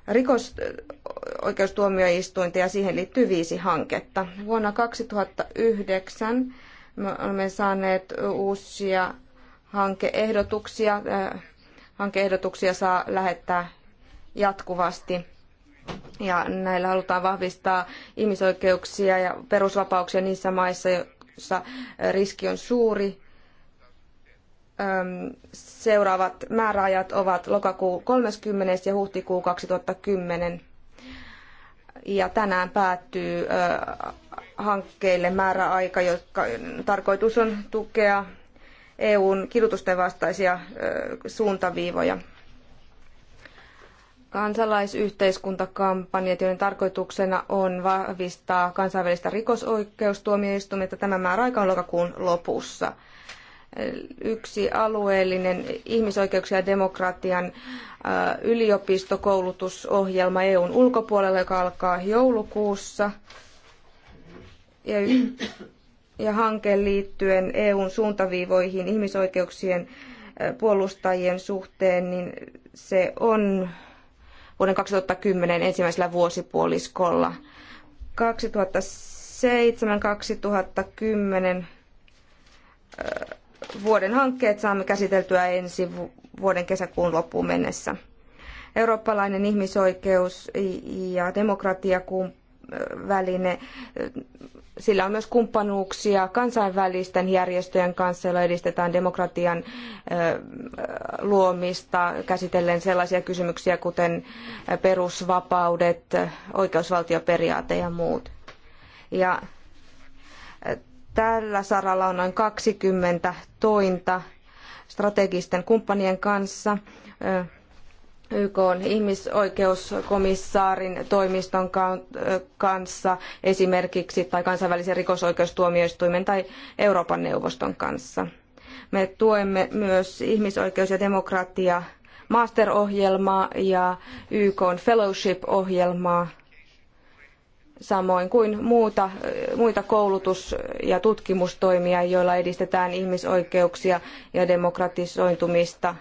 rikosoikeustuomioistuinta ja siihen liittyy viisi hanketta. Vuonna 2009 me olemme saaneet uusia hankeehdotuksia. Hankeehdotuksia saa lähettää jatkuvasti ja näillä halutaan vahvistaa ihmisoikeuksia ja perusvapauksia niissä maissa, joissa riski on suuri. Seuraavat määräajat ovat lokakuu 30. ja huhtikuu 2010. Ja tänään päättyy hankkeille määräaika, joka tarkoitus on tukea EUn kidutusten vastaisia suuntaviivoja kansalaisyhteiskuntakampanjat, joiden tarkoituksena on vahvistaa kansainvälistä rikosoikeustuomioistuinta. Tämä määräaika on lokakuun lopussa. Yksi alueellinen ihmisoikeuksia ja demokratian äh, yliopistokoulutusohjelma EUn ulkopuolella, joka alkaa joulukuussa. Ja, ja hanke liittyen EUn suuntaviivoihin ihmisoikeuksien äh, puolustajien suhteen, niin se on vuoden 2010 ensimmäisellä vuosipuoliskolla. 2007-2010 vuoden hankkeet saamme käsiteltyä ensi vuoden kesäkuun loppuun mennessä. Eurooppalainen ihmisoikeus- ja väline sillä on myös kumppanuuksia kansainvälisten järjestöjen kanssa, joilla edistetään demokratian luomista, käsitellen sellaisia kysymyksiä kuten perusvapaudet, oikeusvaltioperiaate ja muut. Ja tällä saralla on noin 20 tointa strategisten kumppanien kanssa YK on ihmisoikeuskomissaarin toimiston kanssa esimerkiksi tai kansainvälisen rikosoikeustuomioistuimen tai Euroopan neuvoston kanssa. Me tuemme myös ihmisoikeus- ja demokratia masterohjelmaa ja YK on fellowship-ohjelmaa, samoin kuin muuta, muita koulutus- ja tutkimustoimia, joilla edistetään ihmisoikeuksia ja demokratisoitumista –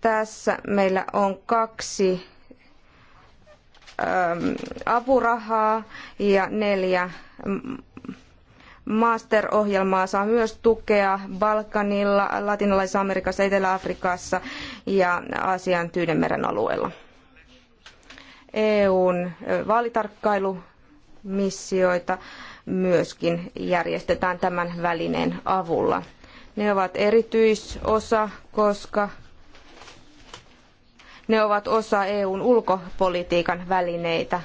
Tässä meillä on kaksi ähm, apurahaa ja neljä master-ohjelmaa mm, saa myös tukea Balkanilla, Latinalaisessa Amerikassa, Etelä-Afrikassa ja Aasian Tyynemeren alueella. EUn vaalitarkkailumissioita myöskin järjestetään tämän välineen avulla. Ne ovat erityisosa, koska ne ovat osa EUn ulkopolitiikan välineitä.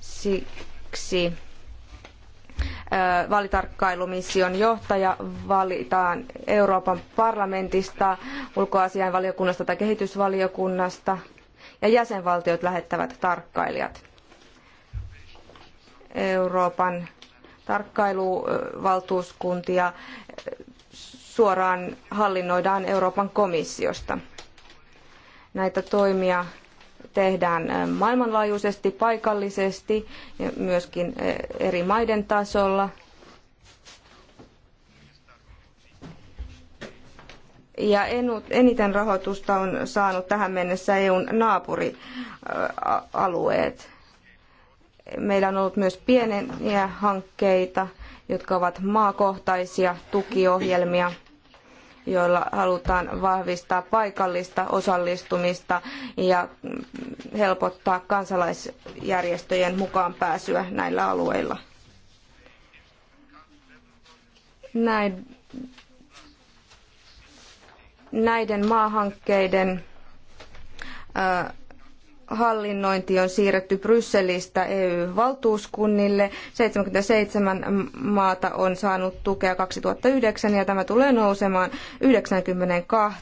Siksi vaalitarkkailumission johtaja valitaan Euroopan parlamentista, ulkoasiainvaliokunnasta tai kehitysvaliokunnasta ja jäsenvaltiot lähettävät tarkkailijat. Euroopan tarkkailuvaltuuskuntia suoraan hallinnoidaan Euroopan komissiosta. Näitä toimia tehdään maailmanlaajuisesti, paikallisesti, ja myöskin eri maiden tasolla. Ja eniten rahoitusta on saanut tähän mennessä EUn naapurialueet. Meillä on ollut myös pieniä hankkeita, jotka ovat maakohtaisia tukiohjelmia – joilla halutaan vahvistaa paikallista osallistumista ja helpottaa kansalaisjärjestöjen mukaan pääsyä näillä alueilla. Näin, näiden maahankkeiden ää, hallinnointi on siirretty Brysselistä EU-valtuuskunnille. 77 maata on saanut tukea 2009 ja tämä tulee nousemaan 92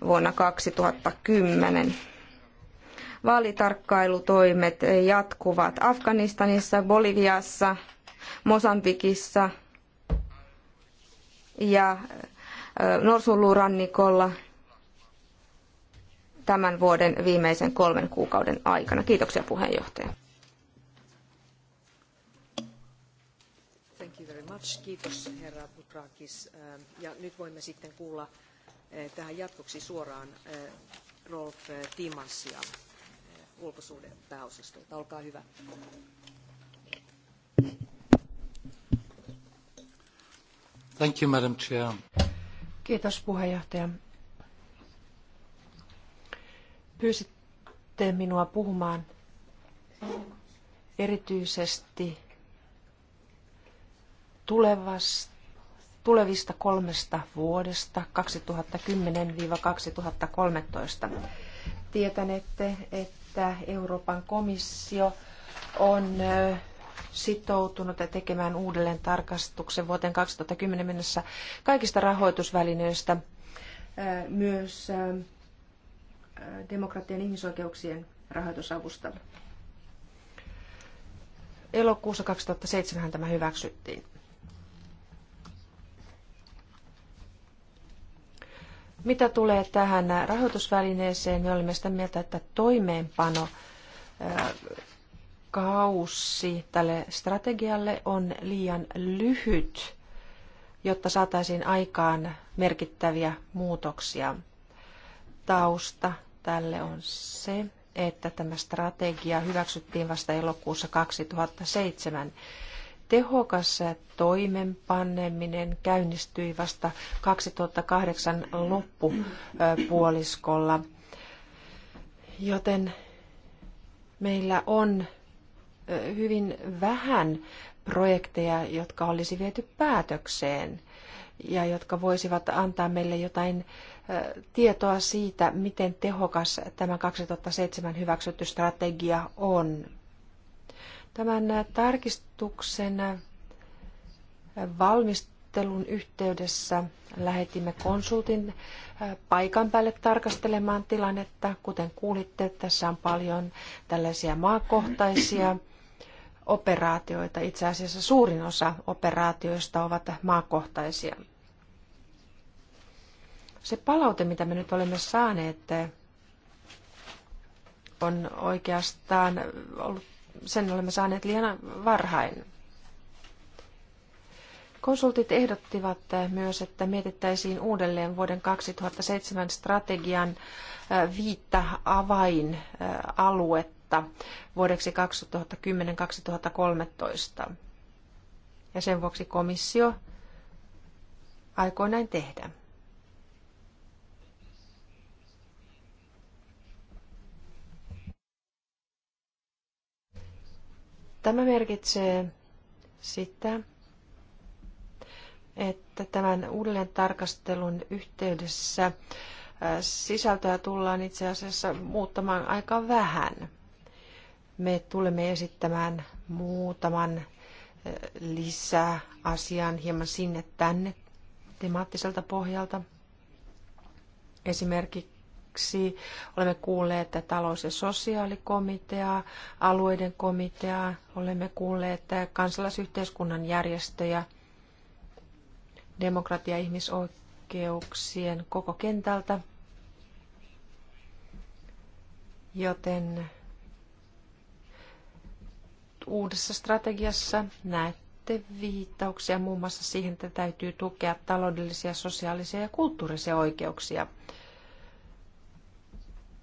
vuonna 2010. Vaalitarkkailutoimet jatkuvat Afganistanissa, Boliviassa, Mosambikissa ja Norsulurannikolla – tämän vuoden viimeisen kolmen kuukauden aikana. Kiitoksia puheenjohtaja. Kiitos herra Butrakis. Äh, ja nyt voimme sitten kuulla äh, tähän jatkoksi suoraan äh, Rolf Timansia ulkosuuden pääosastolta. Olkaa hyvä. Thank you, Madam Chair. Kiitos puheenjohtaja. Pyysitte minua puhumaan erityisesti tulevasta tulevista kolmesta vuodesta 2010-2013. Tietänette, että Euroopan komissio on sitoutunut tekemään uudelleen tarkastuksen vuoteen 2010 mennessä kaikista rahoitusvälineistä myös demokratian ihmisoikeuksien rahoitusavusta. Elokuussa 2007 tämä hyväksyttiin. Mitä tulee tähän rahoitusvälineeseen, niin olemme sitä mieltä, että toimeenpano kausi tälle strategialle on liian lyhyt, jotta saataisiin aikaan merkittäviä muutoksia. Tausta tälle on se, että tämä strategia hyväksyttiin vasta elokuussa 2007. Tehokas toimenpanneminen käynnistyi vasta 2008 loppupuoliskolla, joten meillä on hyvin vähän projekteja, jotka olisi viety päätökseen ja jotka voisivat antaa meille jotain tietoa siitä, miten tehokas tämä 2007 hyväksytty strategia on. Tämän tarkistuksen valmistelun yhteydessä lähetimme konsultin paikan päälle tarkastelemaan tilannetta. Kuten kuulitte, tässä on paljon tällaisia maakohtaisia operaatioita. Itse asiassa suurin osa operaatioista ovat maakohtaisia. Se palaute, mitä me nyt olemme saaneet, on oikeastaan ollut, sen olemme saaneet liian varhain. Konsultit ehdottivat myös, että mietittäisiin uudelleen vuoden 2007 strategian viittä avainaluetta vuodeksi 2010-2013. Ja sen vuoksi komissio aikoi näin tehdä. Tämä merkitsee sitä, että tämän uudelleen tarkastelun yhteydessä sisältöä tullaan itse asiassa muuttamaan aika vähän. Me tulemme esittämään muutaman lisää asian hieman sinne tänne temaattiselta pohjalta. Esimerkiksi lisäksi olemme kuulleet että talous- ja sosiaalikomitea, alueiden komitea, olemme kuulleet että kansalaisyhteiskunnan järjestöjä, demokratia- ja ihmisoikeuksien koko kentältä. Joten uudessa strategiassa näette viittauksia muun muassa siihen, että täytyy tukea taloudellisia, sosiaalisia ja kulttuurisia oikeuksia –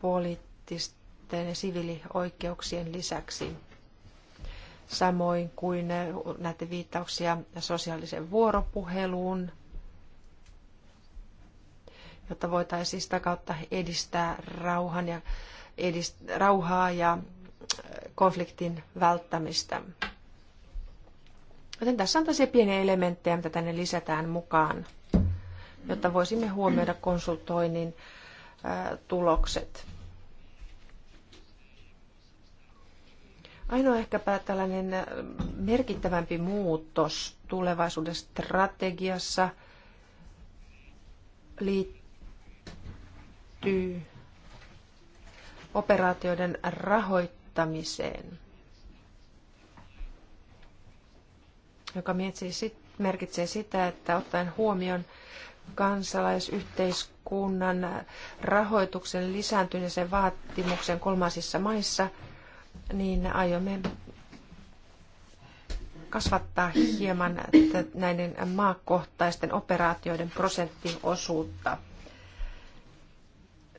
poliittisten ja siviilioikeuksien lisäksi. Samoin kuin näitä viittauksia sosiaaliseen vuoropuheluun, jotta voitaisiin sitä kautta edistää rauhan ja, edist, rauhaa ja äh, konfliktin välttämistä. Joten tässä on tällaisia pieniä elementtejä, mitä tänne lisätään mukaan, jotta voisimme huomioida konsultoinnin äh, tulokset. Ainoa ehkäpä tällainen äh, merkittävämpi muutos tulevaisuuden strategiassa liittyy operaatioiden rahoittamiseen, joka merkitsee sitä, että ottaen huomioon kansalaisyhteiskunnan rahoituksen lisääntyneeseen vaatimuksen kolmansissa maissa – niin aiomme kasvattaa hieman näiden maakohtaisten operaatioiden prosenttiosuutta.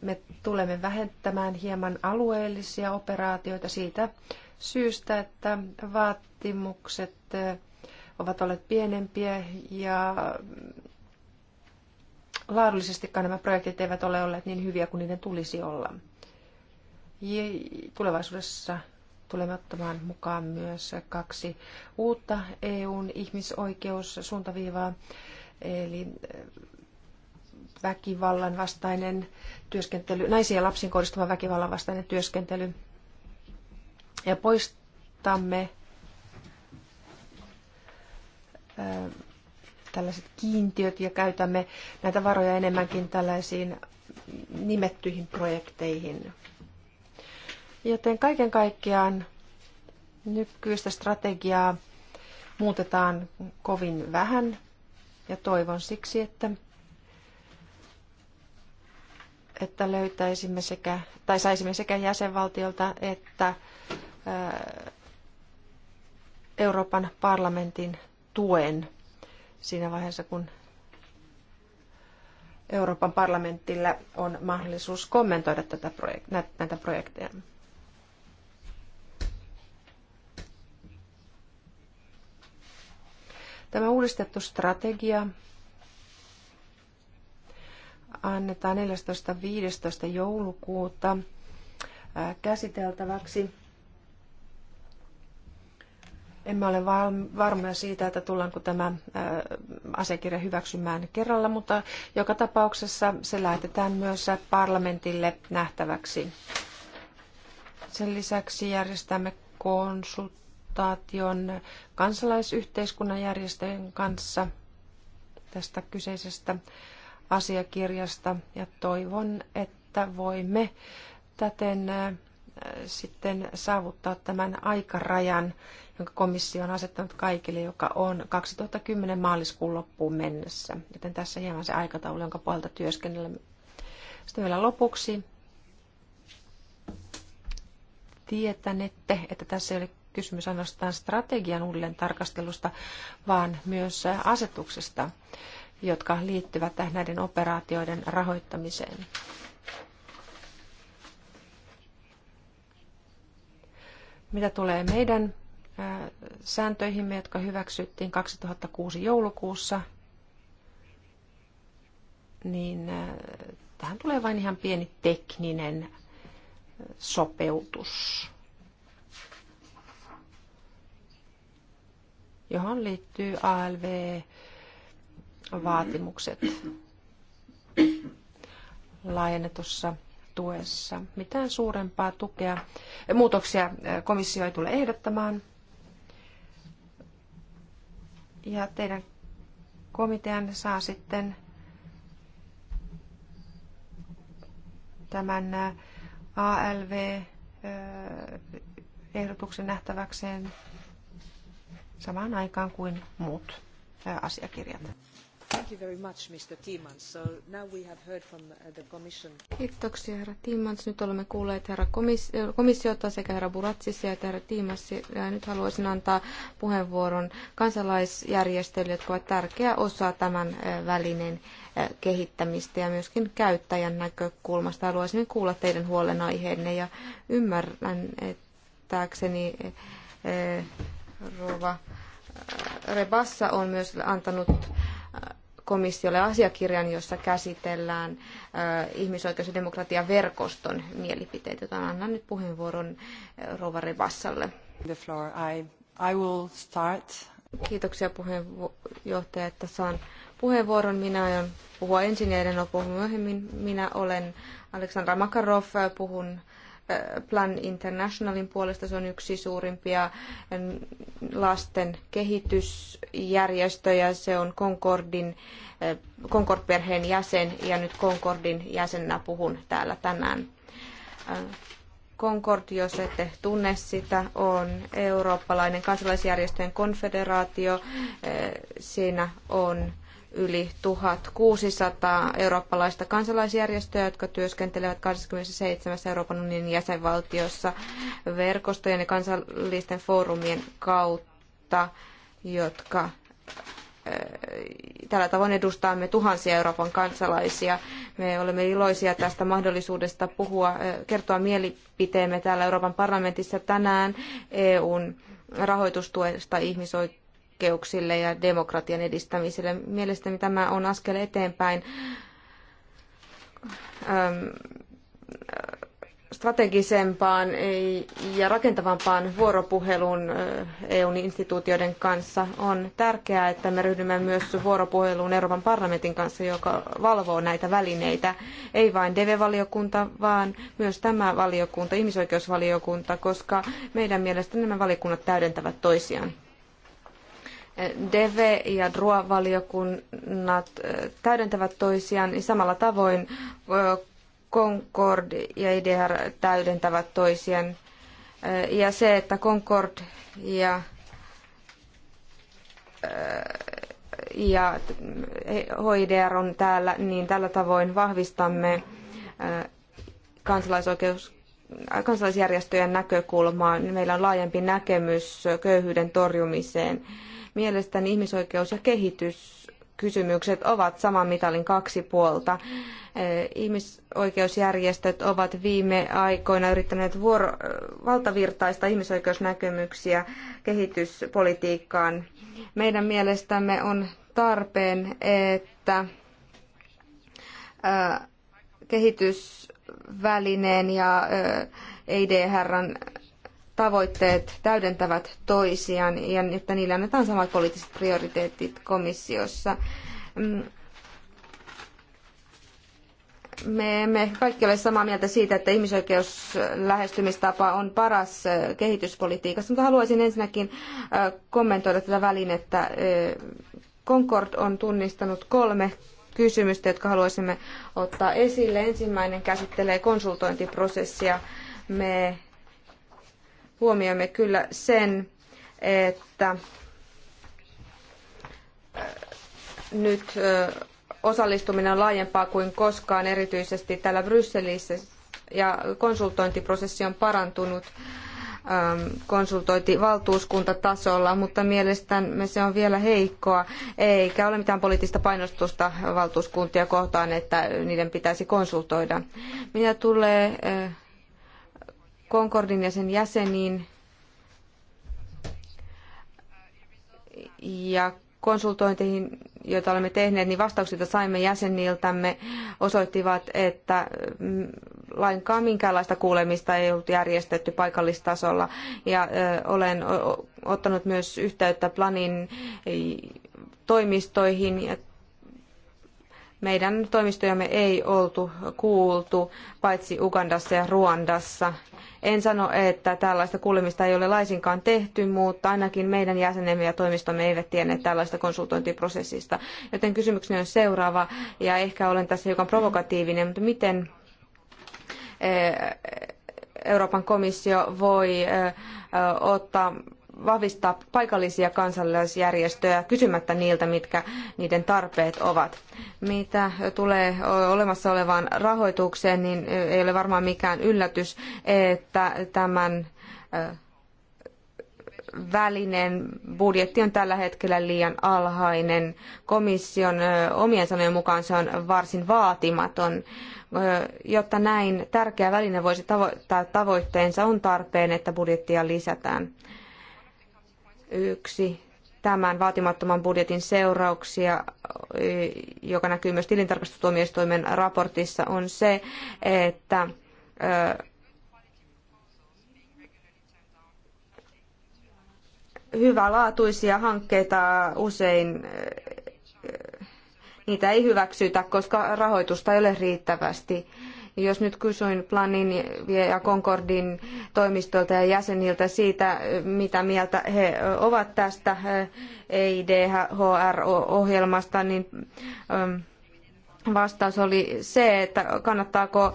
Me tulemme vähentämään hieman alueellisia operaatioita siitä syystä, että vaatimukset ovat olleet pienempiä ja laadullisestikaan nämä projektit eivät ole olleet niin hyviä kuin niiden tulisi olla. Tulevaisuudessa tulemme ottamaan mukaan myös kaksi uutta EUn ihmisoikeussuuntaviivaa, eli eh, väkivallan vastainen työskentely, naisiin ja lapsiin kohdistuva väkivallan vastainen työskentely. Ja poistamme eh, tällaiset kiintiöt ja käytämme näitä varoja enemmänkin tällaisiin nimettyihin projekteihin, Joten kaiken kaikkiaan nykyistä strategiaa muutetaan kovin vähän ja toivon siksi, että, että löytäisimme sekä, tai saisimme sekä jäsenvaltiolta että Euroopan parlamentin tuen siinä vaiheessa, kun Euroopan parlamentilla on mahdollisuus kommentoida tätä projek- näitä projekteja. Tämä uudistettu strategia annetaan 14.15. joulukuuta käsiteltäväksi. En ole varma siitä, että tullaanko tämä asiakirja hyväksymään kerralla, mutta joka tapauksessa se lähetetään myös parlamentille nähtäväksi. Sen lisäksi järjestämme konsult konsultaation kansalaisyhteiskunnan järjestöjen kanssa tästä kyseisestä asiakirjasta ja toivon, että voimme täten sitten saavuttaa tämän aikarajan, jonka komissio on asettanut kaikille, joka on 2010 maaliskuun loppuun mennessä. Joten tässä hieman se aikataulu, jonka puolta työskennellemme. Sitten vielä lopuksi tietänette, että tässä ei ole kysymys ainoastaan strategian uudelleen tarkastelusta, vaan myös asetuksesta, jotka liittyvät näiden operaatioiden rahoittamiseen. Mitä tulee meidän sääntöihimme, jotka hyväksyttiin 2006 joulukuussa, niin tähän tulee vain ihan pieni tekninen sopeutus. johon liittyy ALV-vaatimukset laajennetussa tuessa. Mitään suurempaa tukea, muutoksia komissio ei tule ehdottamaan. Ja teidän komitean saa sitten tämän ALV-ehdotuksen nähtäväkseen samaan aikaan kuin muut asiakirjat. Thank you very much, Mr. Tiemans. So now we have heard from uh, the commission. Kiitoksia, herra Timmans. Nyt olemme kuulleet herra komis- eh, komissiota sekä herra Buratsissa että herra Tiemans. Ja nyt haluaisin antaa puheenvuoron kansalaisjärjestöille, jotka ovat tärkeä osa tämän eh, välinen eh, kehittämistä ja myöskin käyttäjän näkökulmasta. Haluaisin kuulla teidän huolenaiheenne ja ymmärrän, että Rova äh, Rebassa on myös antanut äh, komissiolle asiakirjan, jossa käsitellään äh, ihmisoikeus- ja demokratiaverkoston mielipiteitä. Joten annan nyt puheenvuoron Rova Rebassalle. The floor. I, I will start. Kiitoksia puheenjohtaja, että saan puheenvuoron. Minä aion puhua ensin ja edelleen myöhemmin. Minä olen Aleksandra Makarov, puhun Plan Internationalin puolesta. Se on yksi suurimpia lasten kehitysjärjestöjä. Se on Concordin, eh, Concord-perheen jäsen ja nyt Concordin jäsenä puhun täällä tänään. Eh, Concord, jos ette tunne sitä, on eurooppalainen kansalaisjärjestöjen konfederaatio. Eh, siinä on yli 1600 eurooppalaista kansalaisjärjestöä, jotka työskentelevät 27 Euroopan unionin jäsenvaltiossa verkostojen ja kansallisten foorumien kautta, jotka eh, tällä tavoin edustamme tuhansia Euroopan kansalaisia. Me olemme iloisia tästä mahdollisuudesta puhua, eh, kertoa mielipiteemme täällä Euroopan parlamentissa tänään EUn rahoitustuesta ihmisoikeuksien oikeuksille ja demokratian edistämiselle. Mielestäni tämä on askel eteenpäin ähm, strategisempaan ja rakentavampaan vuoropuheluun äh, eu instituutioiden kanssa. On tärkeää, että me ryhdymme myös vuoropuheluun Euroopan parlamentin kanssa, joka valvoo näitä välineitä. Ei vain DV-valiokunta, vaan myös tämä valiokunta, ihmisoikeusvaliokunta, koska meidän mielestä nämä valiokunnat täydentävät toisiaan. DV ja DRUA-valiokunnat täydentävät toisiaan, niin samalla tavoin Concord ja IDR täydentävät toisiaan. Ja se, että Concord ja, ja HIDR on täällä, niin tällä tavoin vahvistamme kansalaisoikeus kansalaisjärjestöjen näkökulmaa. Meillä on laajempi näkemys köyhyyden torjumiseen Mielestäni ihmisoikeus ja kehityskysymykset ovat saman mitalin kaksi puolta. Eh, ihmisoikeusjärjestöt ovat viime aikoina yrittäneet vuoro- valtavirtaista ihmisoikeusnäkemyksiä kehityspolitiikkaan. Meidän mielestämme on tarpeen, että eh, kehitysvälineen ja EIDHRn eh, tavoitteet täydentävät toisiaan ja että niille annetaan samat poliittiset prioriteetit komissiossa. Mm. Me emme kaikki ole samaa mieltä siitä, että ihmisoikeuslähestymistapa on paras kehityspolitiikassa, mutta haluaisin ensinnäkin kommentoida tätä välinettä. Concord on tunnistanut kolme kysymystä, jotka haluaisimme ottaa esille. Ensimmäinen käsittelee konsultointiprosessia. Me huomioimme kyllä sen, että äh, nyt äh, osallistuminen on laajempaa kuin koskaan, erityisesti täällä Brysselissä, ja konsultointiprosessi on parantunut ähm, konsultointivaltuuskuntatasolla, mutta mielestämme se on vielä heikkoa, eikä ole mitään poliittista painostusta valtuuskuntia kohtaan, että niiden pitäisi konsultoida. Mitä tulee äh, Concordin ja sen jäseniin ja konsultointeihin, joita olemme tehneet, niin vastaukset, joita saimme jäseniltämme, osoittivat, että mm, lainkaan minkäänlaista kuulemista ei ollut järjestetty paikallistasolla. Ja olen ottanut myös yhteyttä Planin toimistoihin ja meidän toimistojamme ei oltu kuultu, paitsi Ugandassa ja Ruandassa. En sano, että tällaista kuulemista ei ole laisinkaan tehty, mutta ainakin meidän jäsenemme ja toimistomme eivät tienneet tällaista konsultointiprosessista. Joten kysymykseni on seuraava, ja ehkä olen tässä hiukan provokatiivinen, mutta miten eh, Euroopan komissio voi eh, ottaa vahvistaa paikallisia kansalaisjärjestöjä kysymättä niiltä, mitkä niiden tarpeet ovat. Mitä tulee olemassa olevaan rahoitukseen, niin ei ole varmaan mikään yllätys, että tämän välinen budjetti on tällä hetkellä liian alhainen. Komission omien sanojen mukaan se on varsin vaatimaton. Jotta näin tärkeä väline voisi tavoittaa tavoitteensa, on tarpeen, että budjettia lisätään yksi tämän vaatimattoman budjetin seurauksia, joka näkyy myös tilintarkastustuomioistuimen raportissa, on se, että hyvälaatuisia hankkeita usein niitä ei hyväksytä, koska rahoitusta ei ole riittävästi. Jos nyt kysyin Planin ja Concordin toimistolta ja jäseniltä siitä, mitä mieltä he ovat tästä EIDHR-ohjelmasta, niin ähm, vastaus oli se, että kannattaako äh,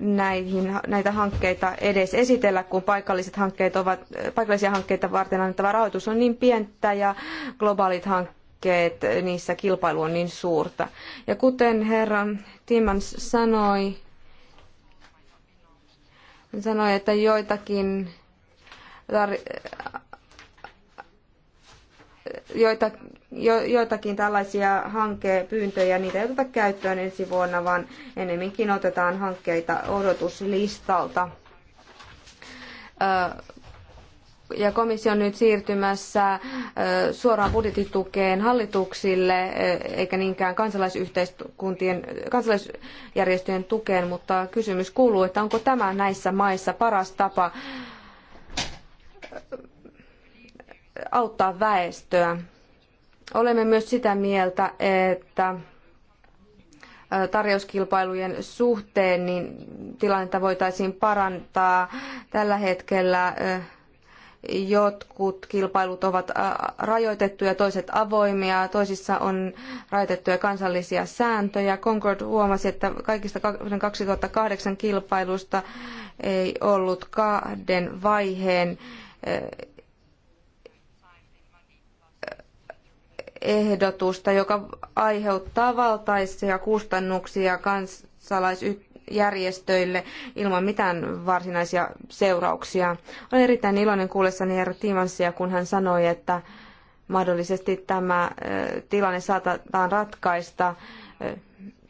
näihin, näitä hankkeita edes esitellä, kun paikalliset hankkeet ovat, äh, paikallisia hankkeita varten annettava rahoitus on niin pientä ja globaalit hankkeet hankkeet, niissä kilpailu on niin suurta. Ja kuten herra Timmans sanoi, hän sanoi, että joitakin joita, jo, joitakin tällaisia hankepyyntöjä, niitä ei oteta käyttöön ensi vuonna, vaan enemminkin otetaan hankkeita odotuslistalta. Ö, ja komissio on nyt siirtymässä suoraan budjettitukeen hallituksille, eikä niinkään kansalaisyhteiskuntien, kansalaisjärjestöjen tukeen, mutta kysymys kuuluu, että onko tämä näissä maissa paras tapa auttaa väestöä. Olemme myös sitä mieltä, että tarjouskilpailujen suhteen, niin tilannetta voitaisiin parantaa. Tällä hetkellä jotkut kilpailut ovat rajoitettuja, toiset avoimia, toisissa on rajoitettuja kansallisia sääntöjä. Concord huomasi, että kaikista 2008 kilpailusta ei ollut kahden vaiheen ehdotusta, joka aiheuttaa valtaisia kustannuksia kansalaisyhteisöille järjestöille ilman mitään varsinaisia seurauksia. Olen erittäin iloinen kuullessani herra Timansia, kun hän sanoi, että mahdollisesti tämä tilanne saatetaan ratkaista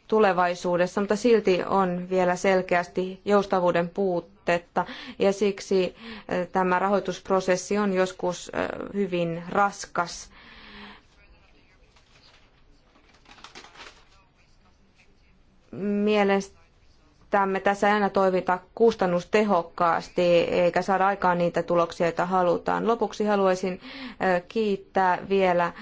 tulevaisuudessa, mutta silti on vielä selkeästi joustavuuden puutetta ja siksi tämä rahoitusprosessi on joskus hyvin raskas. Mielestäni yritämme tässä aina toivita kustannustehokkaasti eikä saada aikaan niitä tuloksia, joita halutaan. Lopuksi haluaisin kiittää vielä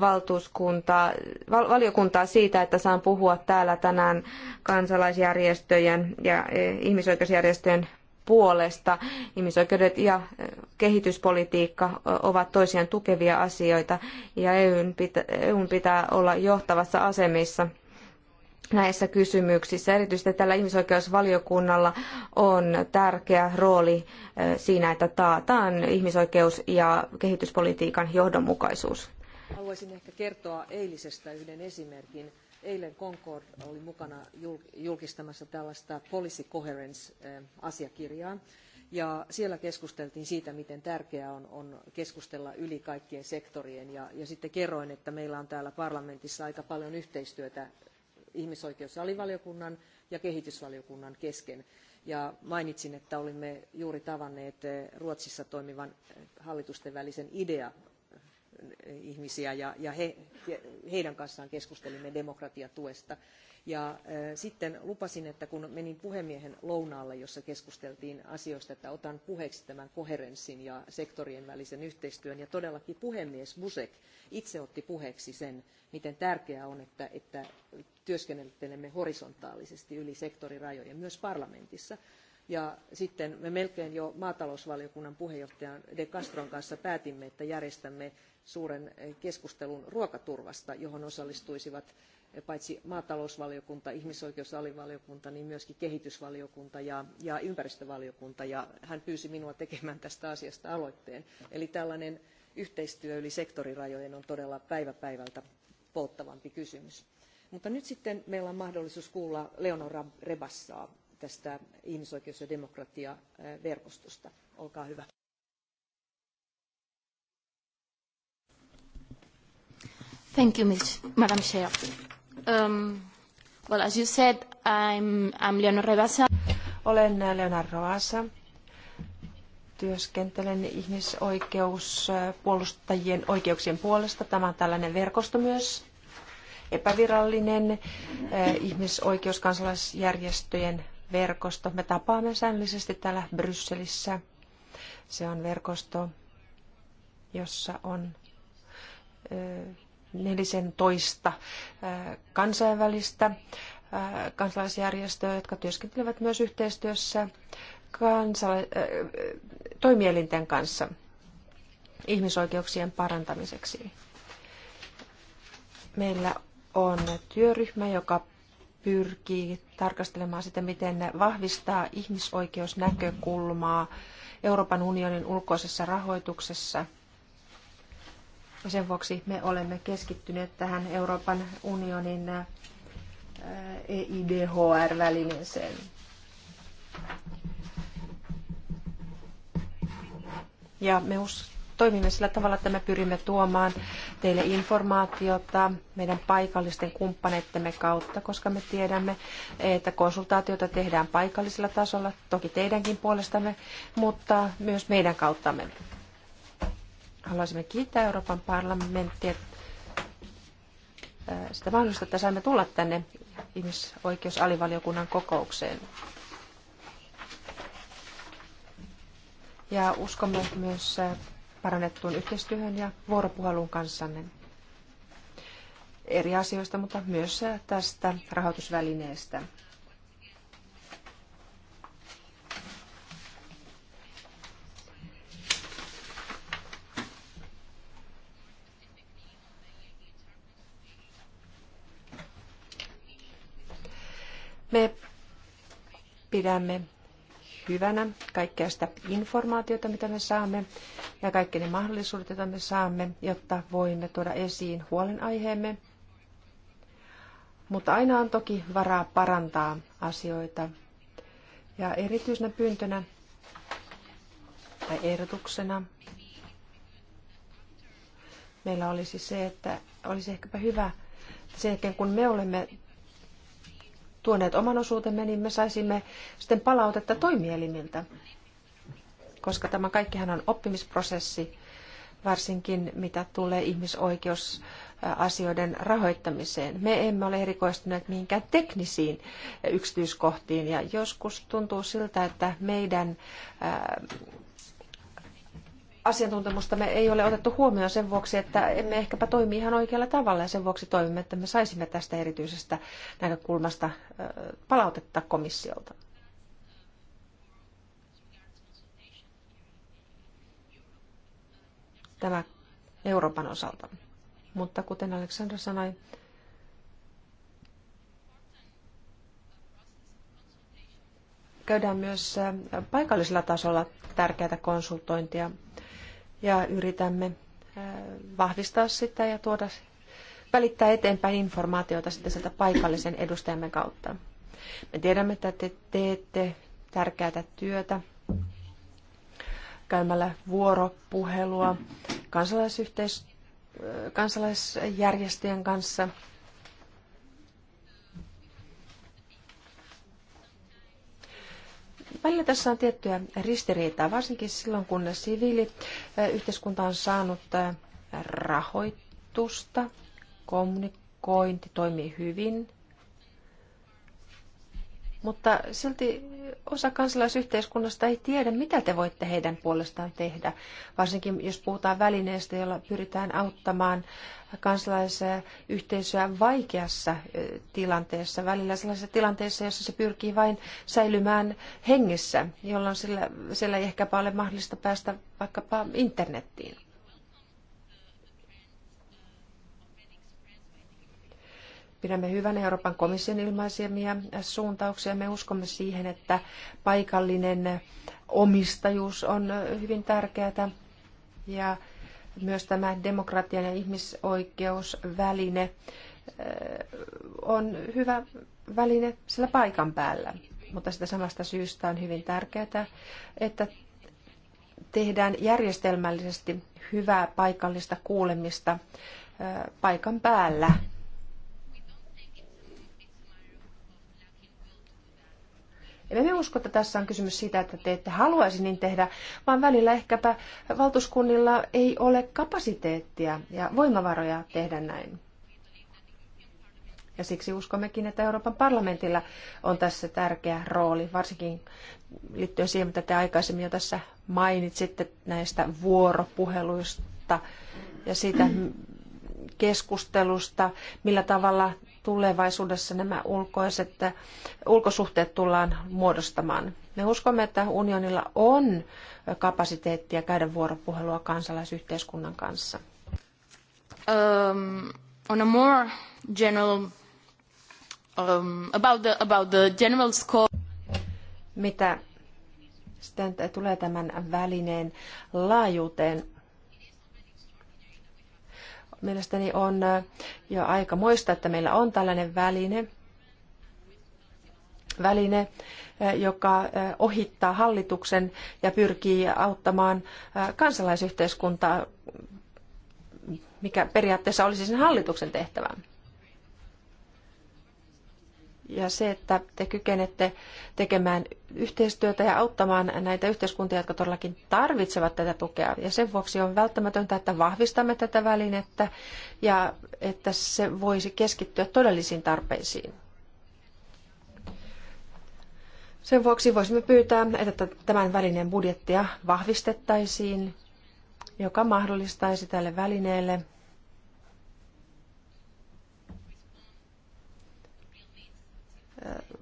valtuuskuntaa, val- valiokuntaa siitä, että saan puhua täällä tänään kansalaisjärjestöjen ja e, ihmisoikeusjärjestöjen puolesta. Ihmisoikeudet ja e, kehityspolitiikka ovat toisiaan tukevia asioita ja EUn e pitää olla johtavassa asemissa – näissä kysymyksissä. Erityisesti tällä ihmisoikeusvaliokunnalla on tärkeä rooli eh, siinä, että taataan ihmisoikeus- ja kehityspolitiikan johdonmukaisuus. Haluaisin ehkä kertoa eilisestä yhden esimerkin. Eilen Concord oli mukana julkistamassa tällaista policy coherence-asiakirjaa. Eh, ja siellä keskusteltiin siitä, miten tärkeää on, on keskustella yli kaikkien sektorien. Ja, ja sitten kerroin, että meillä on täällä parlamentissa aika paljon yhteistyötä ihmisoikeusalivaliokunnan ja kehitysvaliokunnan kesken. Ja mainitsin, että olimme juuri tavanneet eh, Ruotsissa toimivan eh, hallitusten välisen idea ihmisiä ja, ja he, heidän kanssaan keskustelimme demokratiatuesta. Ja sitten lupasin, että kun menin puhemiehen lounaalle, jossa keskusteltiin asioista, että otan puheeksi tämän koherenssin ja sektorien välisen yhteistyön. Ja todellakin puhemies Busek itse otti puheeksi sen, miten tärkeää on, että, että työskentelemme horisontaalisesti yli sektorirajojen myös parlamentissa ja sitten me melkein jo maatalousvaliokunnan puheenjohtajan De Castron kanssa päätimme, että järjestämme suuren eh, keskustelun ruokaturvasta, johon osallistuisivat eh, paitsi maatalousvaliokunta, ihmisoikeusalivaliokunta, niin myöskin kehitysvaliokunta ja, ja ympäristövaliokunta. Ja hän pyysi minua tekemään tästä asiasta aloitteen. Eli tällainen yhteistyö yli sektorirajojen on todella päivä päivältä polttavampi kysymys. Mutta nyt sitten meillä on mahdollisuus kuulla Leonora Rebassaa tästä ihmisoikeus- ja demokratiaverkostosta. Olkaa hyvä. Thank you, Ms. Madam Chair. Um, well, as you said, I'm, I'm Leonor Rebasa. Olen Leonor Rebasa. Työskentelen ihmisoikeuspuolustajien oikeuksien puolesta. Tämä on tällainen verkosto myös, epävirallinen eh, ihmisoikeuskansalaisjärjestöjen verkosto. Me tapaamme säännöllisesti täällä Brysselissä. Se on verkosto, jossa on nelisen toista kansainvälistä kansalaisjärjestöä, jotka työskentelevät myös yhteistyössä kansala- toimielinten kanssa ihmisoikeuksien parantamiseksi. Meillä on työryhmä, joka pyrkii tarkastelemaan sitä, miten ne vahvistaa ihmisoikeusnäkökulmaa Euroopan unionin ulkoisessa rahoituksessa. Ja sen vuoksi me olemme keskittyneet tähän Euroopan unionin EIDHR-välineeseen. Ja me uskomme, toimimme sillä tavalla, että me pyrimme tuomaan teille informaatiota meidän paikallisten kumppaneittemme kautta, koska me tiedämme, että konsultaatiota tehdään paikallisella tasolla, toki teidänkin puolestamme, mutta myös meidän kauttamme. Haluaisimme kiittää Euroopan parlamenttia sitä mahdollisuutta, että saimme tulla tänne ihmisoikeusalivaliokunnan kokoukseen. Ja uskomme myös parannettuun yhteistyöhön ja vuoropuheluun kanssanne eri asioista, mutta myös tästä rahoitusvälineestä. Me pidämme hyvänä kaikkea sitä informaatiota, mitä me saamme ja kaikki ne mahdollisuudet, joita me saamme, jotta voimme tuoda esiin huolenaiheemme. Mutta aina on toki varaa parantaa asioita. Ja erityisenä pyyntönä tai ehdotuksena meillä olisi se, että olisi ehkäpä hyvä, että sen jälkeen kun me olemme tuoneet oman osuutemme, niin me saisimme sitten palautetta toimielimiltä, koska tämä kaikkihan on oppimisprosessi, varsinkin mitä tulee ihmisoikeusasioiden rahoittamiseen. Me emme ole erikoistuneet mihinkään teknisiin yksityiskohtiin ja joskus tuntuu siltä, että meidän asiantuntemustamme ei ole otettu huomioon sen vuoksi, että emme ehkäpä toimi ihan oikealla tavalla ja sen vuoksi toimimme, että me saisimme tästä erityisestä näkökulmasta palautetta komissiolta. Tämä Euroopan osalta. Mutta kuten Aleksandra sanoi, käydään myös paikallisella tasolla tärkeää konsultointia – ja yritämme vahvistaa sitä ja tuoda, välittää eteenpäin informaatiota sitten sieltä paikallisen edustajamme kautta. Me tiedämme, että te teette tärkeää työtä käymällä vuoropuhelua kansalaisyhteis- kansalaisjärjestöjen kanssa – Välillä tässä on tiettyä ristiriitaa, varsinkin silloin kun siviiliyhteiskunta on saanut äh, rahoitusta, kommunikointi toimii hyvin, mutta silti osa kansalaisyhteiskunnasta ei tiedä, mitä te voitte heidän puolestaan tehdä, varsinkin jos puhutaan välineestä, jolla pyritään auttamaan kansalaisyhteisöä vaikeassa tilanteessa, välillä sellaisessa tilanteessa, jossa se pyrkii vain säilymään hengissä, jolloin sillä, sillä ei ehkäpä ole mahdollista päästä vaikkapa internettiin. Pidämme hyvänä Euroopan komission ilmaisemia suuntauksia. Me uskomme siihen, että paikallinen omistajuus on hyvin tärkeää ja myös tämä demokratian ja ihmisoikeusväline eh, on hyvä väline sillä paikan päällä. Mutta sitä samasta syystä on hyvin tärkeää, että tehdään järjestelmällisesti hyvää paikallista kuulemista eh, paikan päällä Ja me usko, että tässä on kysymys siitä, että te ette haluaisi niin tehdä, vaan välillä ehkäpä valtuuskunnilla ei ole kapasiteettia ja voimavaroja tehdä näin. Ja siksi uskommekin, että Euroopan parlamentilla on tässä tärkeä rooli, varsinkin liittyen siihen, mitä te aikaisemmin jo tässä mainitsitte näistä vuoropuheluista ja siitä keskustelusta, millä tavalla tulevaisuudessa nämä ulkoiset, ulkosuhteet tullaan muodostamaan. Me uskomme, että unionilla on kapasiteettia käydä vuoropuhelua kansalaisyhteiskunnan kanssa. Um, on a more general um, about the, about the general scope. Mitä sitten tulee tämän välineen laajuuteen, Mielestäni on jo aika muista, että meillä on tällainen väline, väline, joka ohittaa hallituksen ja pyrkii auttamaan kansalaisyhteiskuntaa, mikä periaatteessa olisi sen hallituksen tehtävä ja se, että te kykenette tekemään yhteistyötä ja auttamaan näitä yhteiskuntia, jotka todellakin tarvitsevat tätä tukea. Ja sen vuoksi on välttämätöntä, että vahvistamme tätä välinettä ja että se voisi keskittyä todellisiin tarpeisiin. Sen vuoksi voisimme pyytää, että tämän välineen budjettia vahvistettaisiin, joka mahdollistaisi tälle välineelle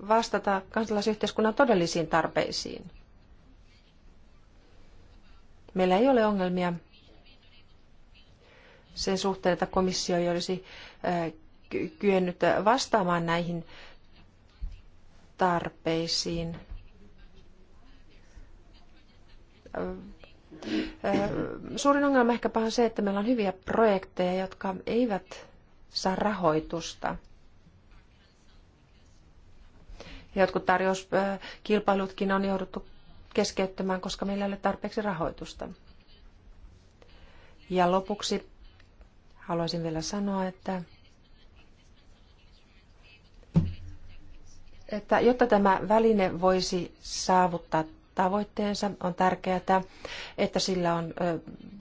vastata kansalaisyhteiskunnan todellisiin tarpeisiin. Meillä ei ole ongelmia sen suhteen, että komissio ei olisi kyennyt vastaamaan näihin tarpeisiin. Suurin ongelma ehkäpä on se, että meillä on hyviä projekteja, jotka eivät saa rahoitusta – Jotkut tarjouskilpailutkin on jouduttu keskeyttämään, koska meillä ei ole tarpeeksi rahoitusta. Ja lopuksi haluaisin vielä sanoa, että, että jotta tämä väline voisi saavuttaa tavoitteensa, on tärkeää, että sillä on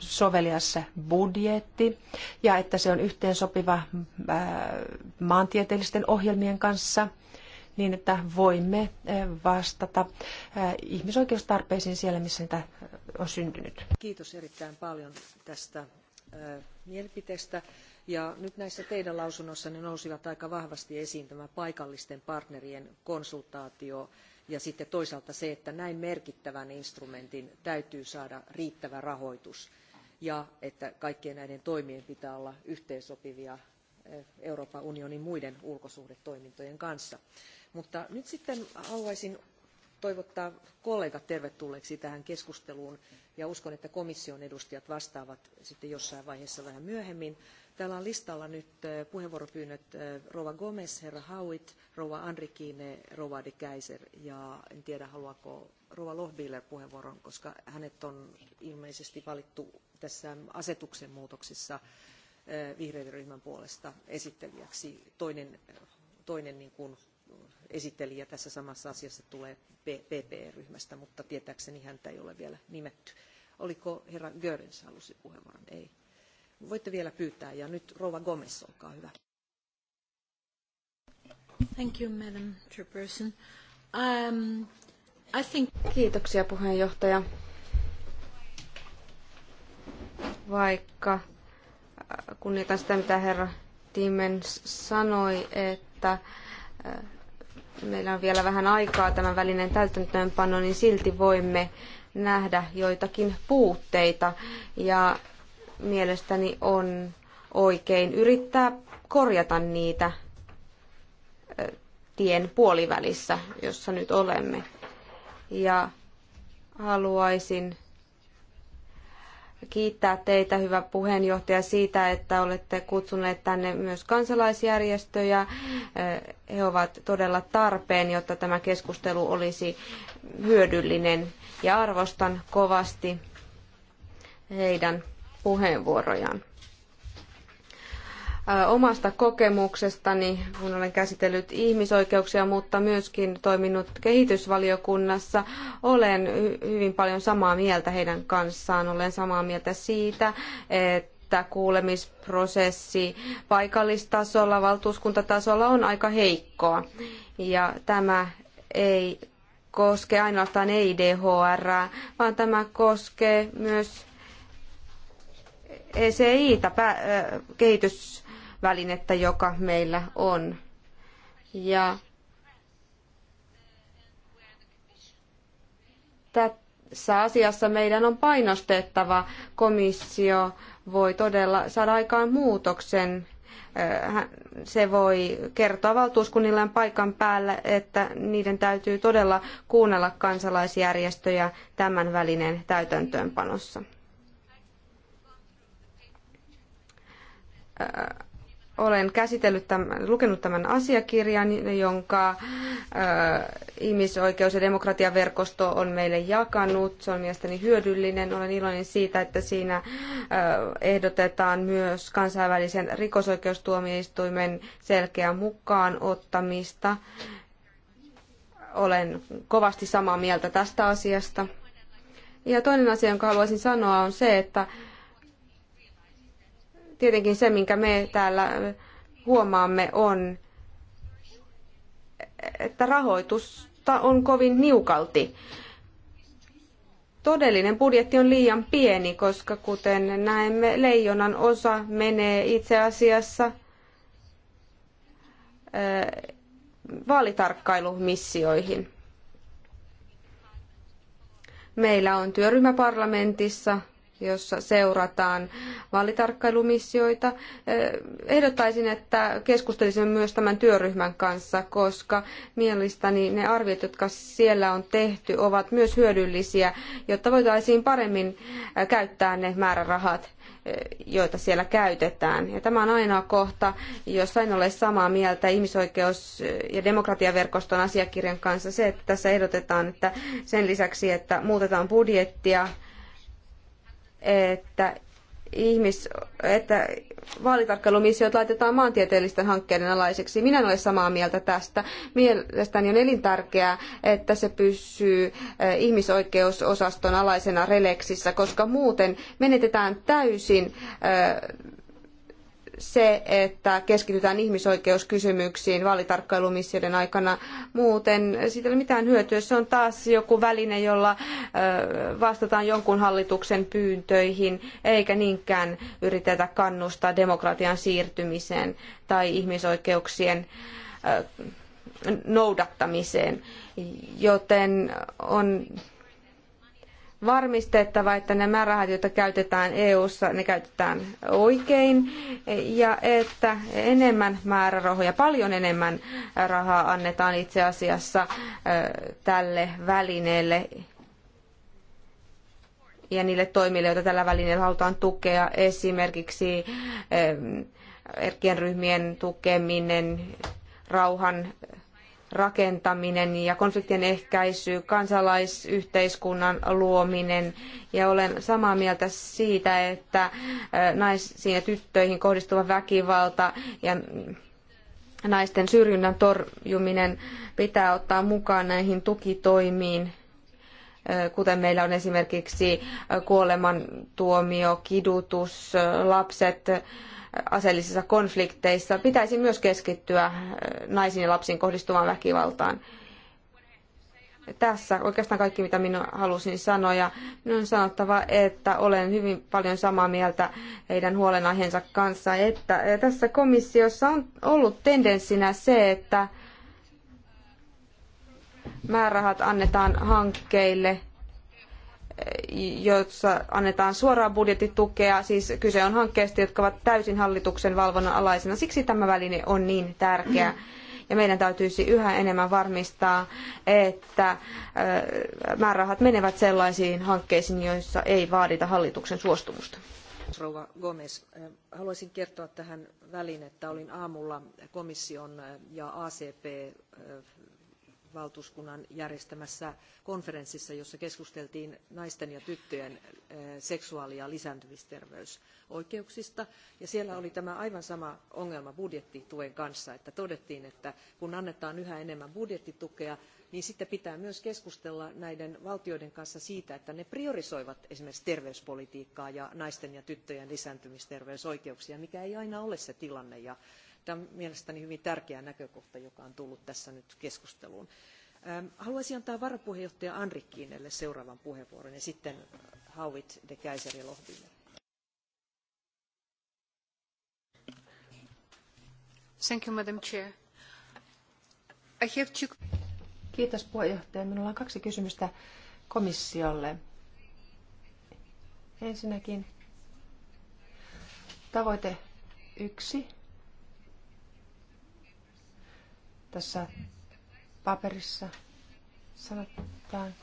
soveliassa budjetti ja että se on yhteensopiva maantieteellisten ohjelmien kanssa – niin että voimme eh, vastata eh, ihmisoikeustarpeisiin siellä, missä niitä eh, on syntynyt. Kiitos erittäin paljon tästä mielipiteestä. Ja nyt näissä teidän ne nousivat aika vahvasti esiin tämä paikallisten partnerien konsultaatio ja sitten toisaalta se, että näin merkittävän instrumentin täytyy saada riittävä rahoitus ja että kaikkien näiden toimien pitää olla yhteensopivia Euroopan unionin muiden ulkosuhdetoimintojen kanssa. Mutta nyt sitten haluaisin toivottaa kollegat tervetulleeksi tähän keskusteluun ja uskon, että komission edustajat vastaavat sitten jossain vaiheessa vähän myöhemmin. Täällä on listalla nyt puheenvuoropyynnöt Rova Gomez, Herra Howitt, Rova Andrikine, Rova de Kaiser ja en tiedä haluaako Rova Lohbiller puheenvuoron, koska hänet on ilmeisesti valittu tässä asetuksen muutoksessa vihreiden ryhmän puolesta esittelijäksi. Toinen, toinen niin kuin esittelijä tässä samassa asiassa tulee PPE-ryhmästä, mutta tietääkseni häntä ei ole vielä nimetty. Oliko herra Görens halusi puheenvuoron? Ei. Voitte vielä pyytää ja nyt rouva Gomez, olkaa hyvä. Thank you, Madam Chairperson. Um, I think... Kiitoksia puheenjohtaja. Vaikka äh, kunnioitan sitä, mitä herra Timmens sanoi, että äh, meillä on vielä vähän aikaa tämän välineen täytäntöönpano, niin silti voimme nähdä joitakin puutteita. Ja mielestäni on oikein yrittää korjata niitä tien puolivälissä, jossa nyt olemme. Ja haluaisin kiittää teitä, hyvä puheenjohtaja, siitä, että olette kutsuneet tänne myös kansalaisjärjestöjä. He ovat todella tarpeen, jotta tämä keskustelu olisi hyödyllinen ja arvostan kovasti heidän puheenvuorojaan omasta kokemuksestani, kun olen käsitellyt ihmisoikeuksia, mutta myöskin toiminut kehitysvaliokunnassa, olen hyvin paljon samaa mieltä heidän kanssaan. Olen samaa mieltä siitä, että kuulemisprosessi paikallistasolla, valtuuskuntatasolla on aika heikkoa. Ja tämä ei koske ainoastaan EIDHR, vaan tämä koskee myös ECI-tä, kehitys välinettä, joka meillä on. Ja tässä asiassa meidän on painostettava. Komissio voi todella saada aikaan muutoksen. Äh, se voi kertoa valtuuskunnilleen paikan päällä, että niiden täytyy todella kuunnella kansalaisjärjestöjä tämän välinen täytäntöönpanossa. Äh, olen käsitellyt tämän, lukenut tämän asiakirjan, jonka ihmisoikeus- ja demokratiaverkosto on meille jakanut. Se on mielestäni hyödyllinen. Olen iloinen siitä, että siinä ehdotetaan myös kansainvälisen rikosoikeustuomioistuimen selkeää mukaan ottamista. Olen kovasti samaa mieltä tästä asiasta. Ja toinen asia, jonka haluaisin sanoa, on se, että tietenkin se, minkä me täällä huomaamme, on, että rahoitusta on kovin niukalti. Todellinen budjetti on liian pieni, koska kuten näemme, leijonan osa menee itse asiassa eh, vaalitarkkailumissioihin. Meillä on työryhmä parlamentissa, jossa seurataan vaalitarkkailumissioita. Eh, ehdottaisin, että keskustelisimme myös tämän työryhmän kanssa, koska mielestäni ne arviot, jotka siellä on tehty, ovat myös hyödyllisiä, jotta voitaisiin paremmin eh, käyttää ne määrärahat eh, joita siellä käytetään. Ja tämä on ainoa kohta, jossa en ole samaa mieltä ihmisoikeus- ja demokratiaverkoston asiakirjan kanssa. Se, että tässä ehdotetaan, että sen lisäksi, että muutetaan budjettia, että ihmis, että vaalitarkkailumissiot laitetaan maantieteellisten hankkeiden alaiseksi. Minä en ole samaa mieltä tästä. Mielestäni on elintärkeää, että se pysyy eh, ihmisoikeusosaston alaisena releksissä, koska muuten menetetään täysin eh, se, että keskitytään ihmisoikeuskysymyksiin vaalitarkkailumissioiden aikana. Muuten siitä ei ole mitään hyötyä. Se on taas joku väline, jolla vastataan jonkun hallituksen pyyntöihin, eikä niinkään yritetä kannustaa demokratian siirtymiseen tai ihmisoikeuksien noudattamiseen. Joten on varmistettava, että ne määrärahat, joita käytetään EU-ssa, ne käytetään oikein ja että enemmän määrärahoja, paljon enemmän rahaa annetaan itse asiassa tälle välineelle ja niille toimille, joita tällä välineellä halutaan tukea, esimerkiksi erkien ryhmien tukeminen, rauhan rakentaminen ja konfliktien ehkäisy, kansalaisyhteiskunnan luominen. Ja olen samaa mieltä siitä, että naisiin ja tyttöihin kohdistuva väkivalta ja naisten syrjinnän torjuminen pitää ottaa mukaan näihin tukitoimiin kuten meillä on esimerkiksi kuolemantuomio, kidutus, lapset aseellisissa konflikteissa. Pitäisi myös keskittyä naisiin ja lapsiin kohdistuvaan väkivaltaan. Tässä oikeastaan kaikki, mitä minä halusin sanoa. Ja minun on sanottava, että olen hyvin paljon samaa mieltä heidän huolenaiheensa kanssa, että tässä komissiossa on ollut tendenssinä se, että määrärahat annetaan hankkeille, joissa annetaan suoraa budjettitukea, siis kyse on hankkeista, jotka ovat täysin hallituksen valvonnan alaisena. Siksi tämä väline on niin tärkeä. Ja meidän täytyisi yhä enemmän varmistaa, että määrärahat menevät sellaisiin hankkeisiin, joissa ei vaadita hallituksen suostumusta. Rouva Gomez, haluaisin kertoa tähän väliin, että olin aamulla komission ja ACP valtuuskunnan järjestämässä konferenssissa, jossa keskusteltiin naisten ja tyttöjen seksuaali- ja lisääntymisterveysoikeuksista. Ja siellä oli tämä aivan sama ongelma budjettituen kanssa, että todettiin, että kun annetaan yhä enemmän budjettitukea, niin sitten pitää myös keskustella näiden valtioiden kanssa siitä, että ne priorisoivat esimerkiksi terveyspolitiikkaa ja naisten ja tyttöjen lisääntymisterveysoikeuksia, mikä ei aina ole se tilanne. Ja Tämä on mielestäni hyvin tärkeä näkökohta, joka on tullut tässä nyt keskusteluun. Haluaisin antaa varapuheenjohtaja Andrikkiinelle seuraavan puheenvuoron ja sitten Hauit de Kaiser ja Lohville. Thank you, Madam Chair. I have two... Kiitos puheenjohtaja. Minulla on kaksi kysymystä komissiolle. Ensinnäkin tavoite yksi Tässä paperissa sanotaan,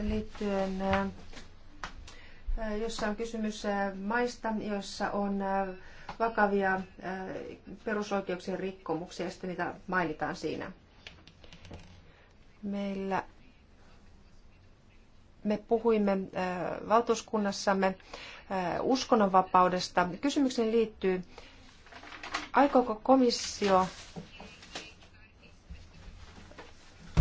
liittyen, äh, jossa on kysymys äh, maista, joissa on äh, vakavia perusoikeuksien rikkomuksia, ja sitten niitä mainitaan siinä. Meillä me puhuimme äh, valtuuskunnassamme äh, uskonnonvapaudesta. Kysymykseni liittyy, aikooko komissio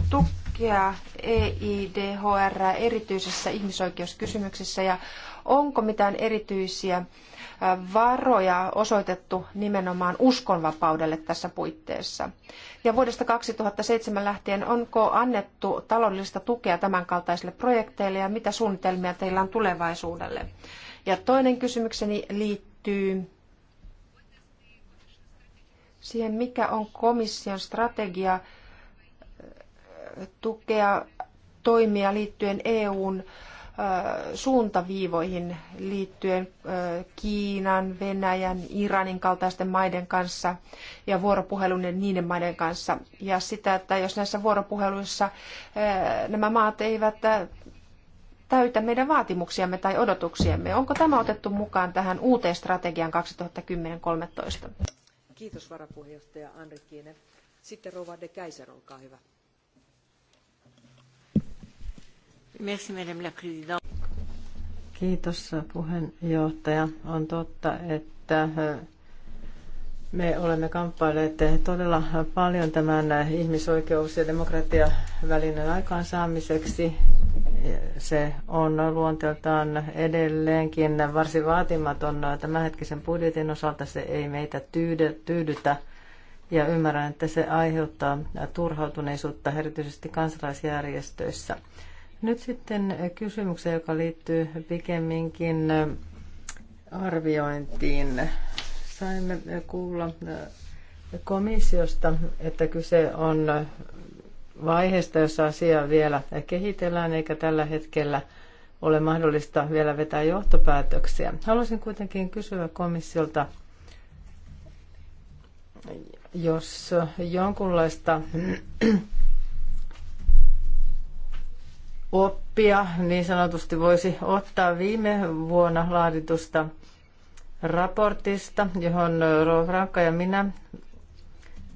tukea EIDHR erityisissä ihmisoikeuskysymyksissä ja onko mitään erityisiä varoja osoitettu nimenomaan uskonvapaudelle tässä puitteissa. Ja vuodesta 2007 lähtien onko annettu taloudellista tukea tämänkaltaisille projekteille ja mitä suunnitelmia teillä on tulevaisuudelle? Ja toinen kysymykseni liittyy siihen, mikä on komission strategia eh, tukea toimia liittyen EUn suuntaviivoihin liittyen Kiinan, Venäjän, Iranin kaltaisten maiden kanssa ja vuoropuhelun niiden maiden kanssa. Ja sitä, että jos näissä vuoropuheluissa nämä maat eivät täytä meidän vaatimuksiamme tai odotuksiamme. Onko tämä otettu mukaan tähän uuteen strategiaan 2010-2013? Kiitos varapuheenjohtaja Anri Kiine. Sitten Rova de Kaiser, olkaa hyvä. Merci, Madame la Présidente. Kiitos puheenjohtaja. On totta, että äh, me olemme kamppailleet todella paljon tämän äh, ihmisoikeus- ja demokratiavälinen aikaansaamiseksi. Se on luonteeltaan edelleenkin varsin vaatimaton. Äh, tämänhetkisen budjetin osalta se ei meitä tyydytä. Ja ymmärrän, että se aiheuttaa turhautuneisuutta erityisesti kansalaisjärjestöissä. Nyt sitten kysymykseen, joka liittyy pikemminkin arviointiin. Saimme kuulla komissiosta, että kyse on vaiheesta, jossa asiaa vielä kehitellään, eikä tällä hetkellä ole mahdollista vielä vetää johtopäätöksiä. Haluaisin kuitenkin kysyä komissiolta, jos jonkunlaista oppia niin sanotusti voisi ottaa viime vuonna laaditusta raportista, johon Rankka ja minä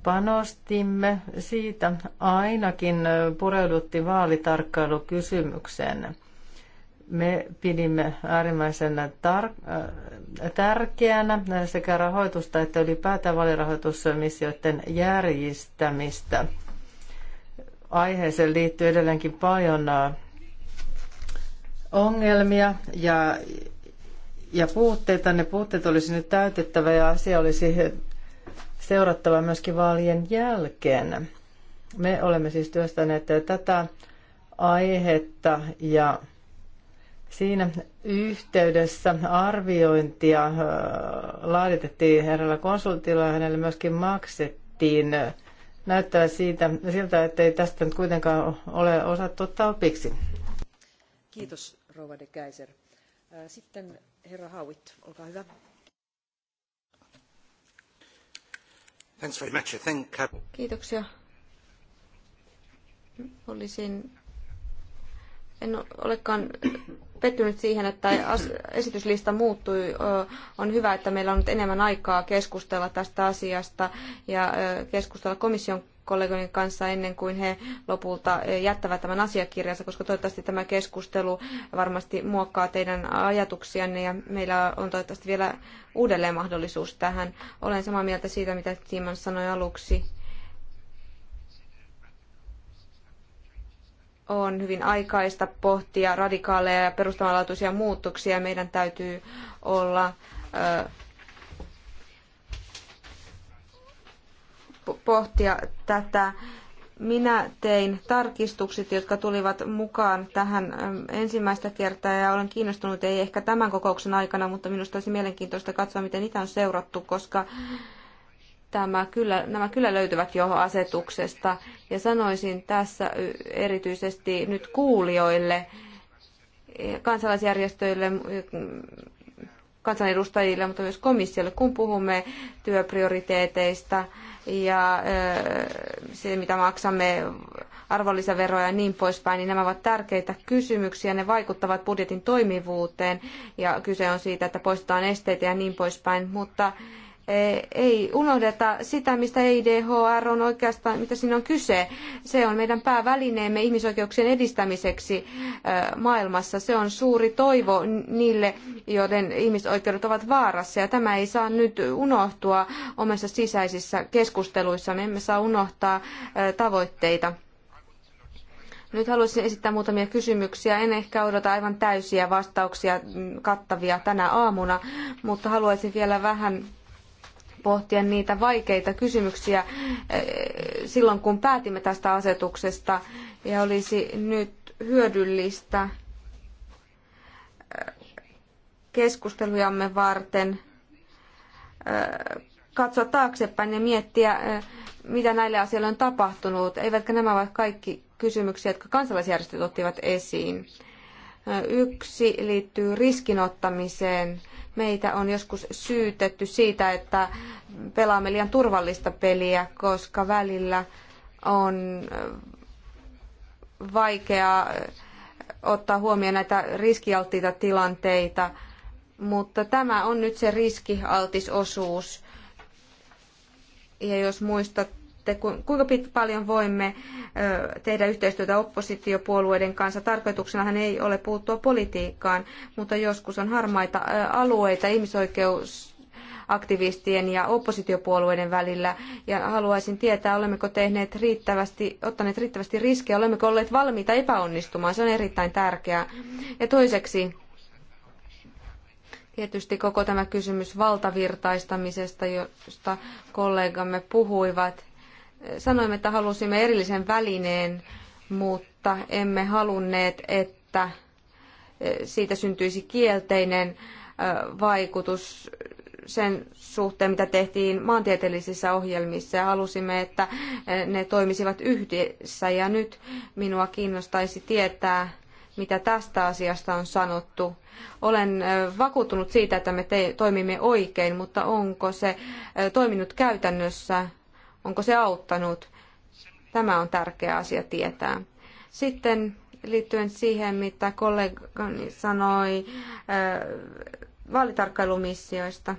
panostimme. Siitä ainakin pureudutti vaalitarkkailukysymykseen. Me pidimme äärimmäisen tar- äh, tärkeänä sekä rahoitusta että ylipäätään vaalirahoitusmissioiden järjestämistä. Aiheeseen liittyy edelleenkin paljon äh, ongelmia ja, ja puutteita. Ne puutteet olisi nyt täytettävä ja asia olisi seurattava myöskin vaalien jälkeen. Me olemme siis työstäneet tätä aihetta ja siinä yhteydessä arviointia äh, laaditettiin herralla konsultilla ja hänelle myöskin maksettiin. Näyttää siitä, siltä, ei tästä nyt kuitenkaan ole osattu ottaa opiksi. Kiitos rouva de Geiser. Sitten herra Howitt, olkaa hyvä. Thanks very much. thank you. Uh, Kiitoksia. Olisin en olekaan pettynyt siihen, että esityslista muuttui. On hyvä, että meillä on nyt enemmän aikaa keskustella tästä asiasta ja keskustella komission kollegojen kanssa ennen kuin he lopulta eh, jättävät tämän asiakirjansa, koska toivottavasti tämä keskustelu varmasti muokkaa teidän ajatuksianne ja meillä on toivottavasti vielä uudelleen mahdollisuus tähän. Olen samaa mieltä siitä, mitä Timon sanoi aluksi. on hyvin aikaista pohtia radikaaleja ja perustavanlaatuisia muutoksia. Meidän täytyy olla ö, eh, pohtia tätä. Minä tein tarkistukset, jotka tulivat mukaan tähän ensimmäistä kertaa ja olen kiinnostunut, ei ehkä tämän kokouksen aikana, mutta minusta olisi mielenkiintoista katsoa, miten niitä on seurattu, koska tämä kyllä, nämä kyllä löytyvät jo asetuksesta. Ja sanoisin tässä erityisesti nyt kuulijoille, kansalaisjärjestöille, kansanedustajille, mutta myös komissiolle, kun puhumme työprioriteeteista ja se, mitä maksamme arvonlisäveroja ja niin poispäin, niin nämä ovat tärkeitä kysymyksiä. Ne vaikuttavat budjetin toimivuuteen ja kyse on siitä, että poistetaan esteitä ja niin poispäin, mutta Eh, ei unohdeta sitä, mistä EIDHR on oikeastaan, mitä siinä on kyse. Se on meidän päävälineemme ihmisoikeuksien edistämiseksi eh, maailmassa. Se on suuri toivo niille, joiden ihmisoikeudet ovat vaarassa. Ja tämä ei saa nyt unohtua omissa sisäisissä keskusteluissa. Me emme saa unohtaa eh, tavoitteita. Nyt haluaisin esittää muutamia kysymyksiä. En ehkä odota aivan täysiä vastauksia mm, kattavia tänä aamuna, mutta haluaisin vielä vähän pohtia niitä vaikeita kysymyksiä eh, silloin, kun päätimme tästä asetuksesta. Ja olisi nyt hyödyllistä eh, keskustelujamme varten eh, katsoa taaksepäin ja miettiä, mitä näille asioille on tapahtunut. Eivätkä nämä ole kaikki kysymyksiä, jotka kansalaisjärjestöt ottivat esiin. Yksi liittyy riskinottamiseen. ottamiseen Meitä on joskus syytetty siitä, että pelaamme liian turvallista peliä, koska välillä on äh, vaikea äh, ottaa huomioon näitä riskialttiita tilanteita, mutta tämä on nyt se riskialtis osuus. Ja jos muistat että kuinka paljon voimme tehdä yhteistyötä oppositiopuolueiden kanssa. Tarkoituksenahan ei ole puuttua politiikkaan, mutta joskus on harmaita alueita ihmisoikeusaktivistien ja oppositiopuolueiden välillä. Ja haluaisin tietää, olemmeko tehneet riittävästi, ottaneet riittävästi riskejä, olemmeko olleet valmiita epäonnistumaan. Se on erittäin tärkeää. Ja toiseksi, Tietysti koko tämä kysymys valtavirtaistamisesta, josta kollegamme puhuivat, sanoimme, että halusimme erillisen välineen, mutta emme halunneet, että eh, siitä syntyisi kielteinen eh, vaikutus sen suhteen, mitä tehtiin maantieteellisissä ohjelmissa ja halusimme, että eh, ne toimisivat yhdessä. Ja nyt minua kiinnostaisi tietää, mitä tästä asiasta on sanottu. Olen vakuuttunut siitä, että me toimimme oikein, mutta onko se toiminut käytännössä Onko se auttanut? Tämä on tärkeä asia tietää. Sitten liittyen siihen, mitä kollegani sanoi äh, vaalitarkkailumissioista.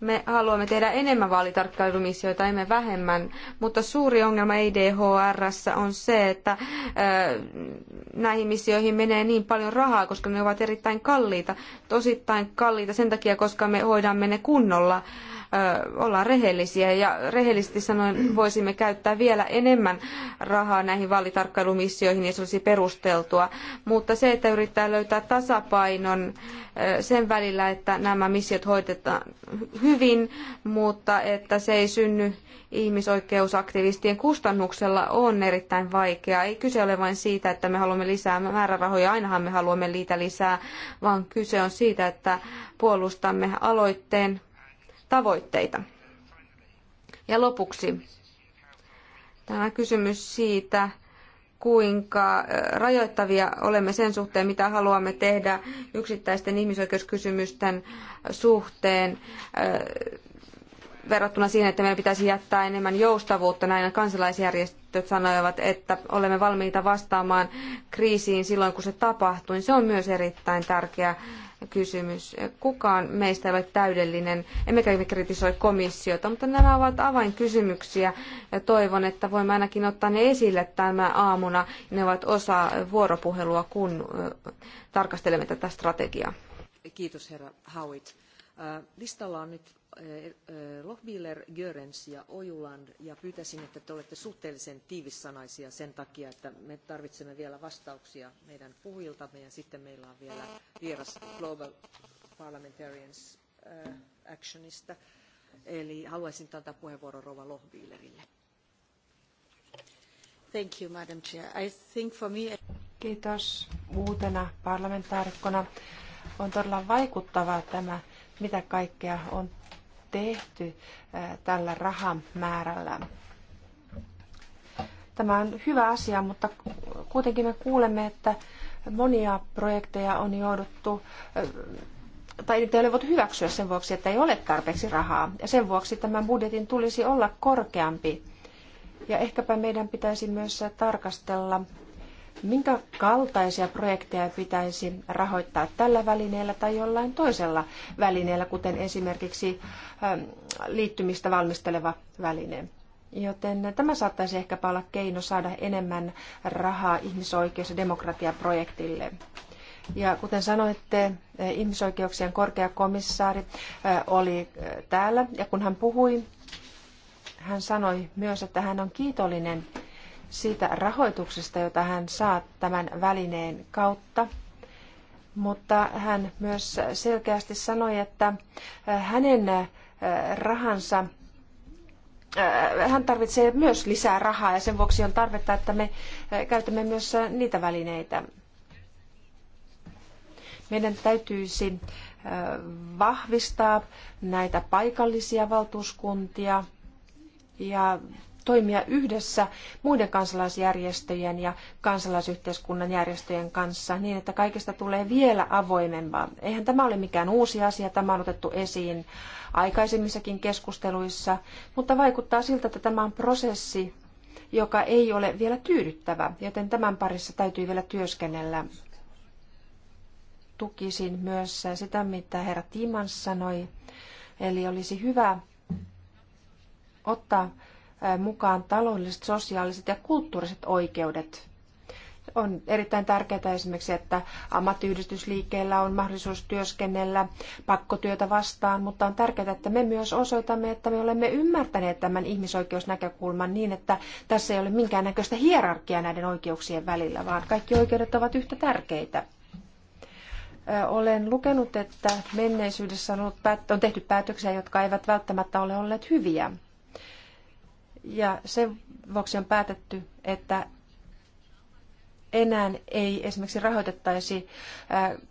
Me haluamme tehdä enemmän vaalitarkkailumissioita, emme vähemmän, mutta suuri ongelma IDHR e on se, että äh, näihin missioihin menee niin paljon rahaa, koska ne ovat erittäin kalliita, tosittain kalliita sen takia, koska me hoidamme ne kunnolla ollaan rehellisiä ja rehellisesti sanoen voisimme käyttää vielä enemmän rahaa näihin vaalitarkkailumissioihin ja se olisi perusteltua. Mutta se, että yrittää löytää tasapainon sen välillä, että nämä missiot hoidetaan hyvin, mutta että se ei synny ihmisoikeusaktivistien kustannuksella on erittäin vaikeaa. Ei kyse ole vain siitä, että me haluamme lisää määrärahoja, ainahan me haluamme niitä lisää, vaan kyse on siitä, että puolustamme aloitteen tavoitteita. Ja lopuksi tämä kysymys siitä, kuinka rajoittavia olemme sen suhteen, mitä haluamme tehdä yksittäisten ihmisoikeuskysymysten suhteen verrattuna siihen, että meidän pitäisi jättää enemmän joustavuutta. Näin kansalaisjärjestöt sanoivat, että olemme valmiita vastaamaan kriisiin silloin, kun se tapahtuu. Se on myös erittäin tärkeä kysymys. Kukaan meistä ei ole täydellinen, emmekä me kritisoi komissiota, mutta nämä ovat avainkysymyksiä ja toivon, että voimme ainakin ottaa ne esille tämä aamuna. Ne ovat osa vuoropuhelua, kun tarkastelemme tätä strategiaa. Kiitos herra Howitt. Listalla on nyt Eh, Lohbiller, Görens ja Ojuland ja pyytäisin, että te olette suhteellisen tiivissanaisia sen takia, että me tarvitsemme vielä vastauksia meidän puhujiltamme ja sitten meillä on vielä vieras Global Parliamentarians eh, Actionista. Eli haluaisin antaa puheenvuoron Rova Lohbillerille. Thank you, Madam Chair. I think for me... Kiitos uutena parlamentaarikkona. On todella vaikuttavaa tämä, mitä kaikkea on tehty tällä rahamäärällä. Tämä on hyvä asia, mutta kuitenkin me kuulemme, että monia projekteja on jouduttu tai niitä ei ole voitu hyväksyä sen vuoksi, että ei ole tarpeeksi rahaa. Ja sen vuoksi tämän budjetin tulisi olla korkeampi. Ja ehkäpä meidän pitäisi myös tarkastella Minkä kaltaisia projekteja pitäisi rahoittaa tällä välineellä tai jollain toisella välineellä, kuten esimerkiksi ähm, liittymistä valmisteleva väline? Joten tämä saattaisi ehkä olla keino saada enemmän rahaa ihmisoikeus- ja demokratiaprojektille. Ja kuten sanoitte, äh, ihmisoikeuksien korkea komissaari äh, oli äh, täällä ja kun hän puhui, hän sanoi myös, että hän on kiitollinen siitä rahoituksesta, jota hän saa tämän välineen kautta. Mutta hän myös selkeästi sanoi, että hänen rahansa hän tarvitsee myös lisää rahaa ja sen vuoksi on tarvetta, että me käytämme myös niitä välineitä. Meidän täytyisi vahvistaa näitä paikallisia valtuuskuntia ja toimia yhdessä muiden kansalaisjärjestöjen ja kansalaisyhteiskunnan järjestöjen kanssa niin, että kaikesta tulee vielä avoimempaa. Eihän tämä ole mikään uusi asia, tämä on otettu esiin aikaisemmissakin keskusteluissa, mutta vaikuttaa siltä, että tämä on prosessi, joka ei ole vielä tyydyttävä, joten tämän parissa täytyy vielä työskennellä. Tukisin myös sitä, mitä herra Timans sanoi, eli olisi hyvä ottaa mukaan taloudelliset, sosiaaliset ja kulttuuriset oikeudet. On erittäin tärkeää esimerkiksi, että ammattiyhdistysliikkeellä on mahdollisuus työskennellä pakkotyötä vastaan, mutta on tärkeää, että me myös osoitamme, että me olemme ymmärtäneet tämän ihmisoikeusnäkökulman niin, että tässä ei ole minkäännäköistä hierarkiaa näiden oikeuksien välillä, vaan kaikki oikeudet ovat yhtä tärkeitä olen lukenut, että menneisyydessä on, ollut, on tehty päätöksiä, jotka eivät välttämättä ole olleet hyviä. Ja sen vuoksi on päätetty, että enää ei esimerkiksi rahoitettaisi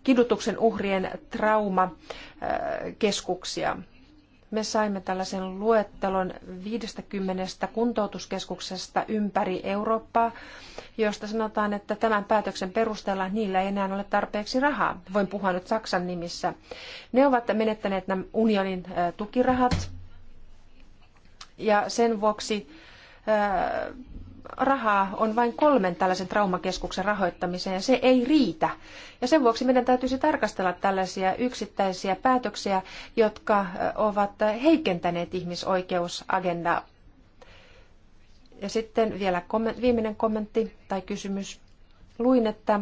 kidutuksen uhrien traumakeskuksia. Me saimme tällaisen luettelon 50 kuntoutuskeskuksesta ympäri Eurooppaa, josta sanotaan, että tämän päätöksen perusteella niillä ei enää ole tarpeeksi rahaa. Voin puhua nyt Saksan nimissä. Ne ovat menettäneet nämä unionin tukirahat ja sen vuoksi rahaa on vain kolmen tällaisen traumakeskuksen rahoittamiseen ja se ei riitä. Ja sen vuoksi meidän täytyisi tarkastella tällaisia yksittäisiä päätöksiä, jotka ovat heikentäneet ihmisoikeusagendaa. Ja sitten vielä viimeinen kommentti tai kysymys. Luin, että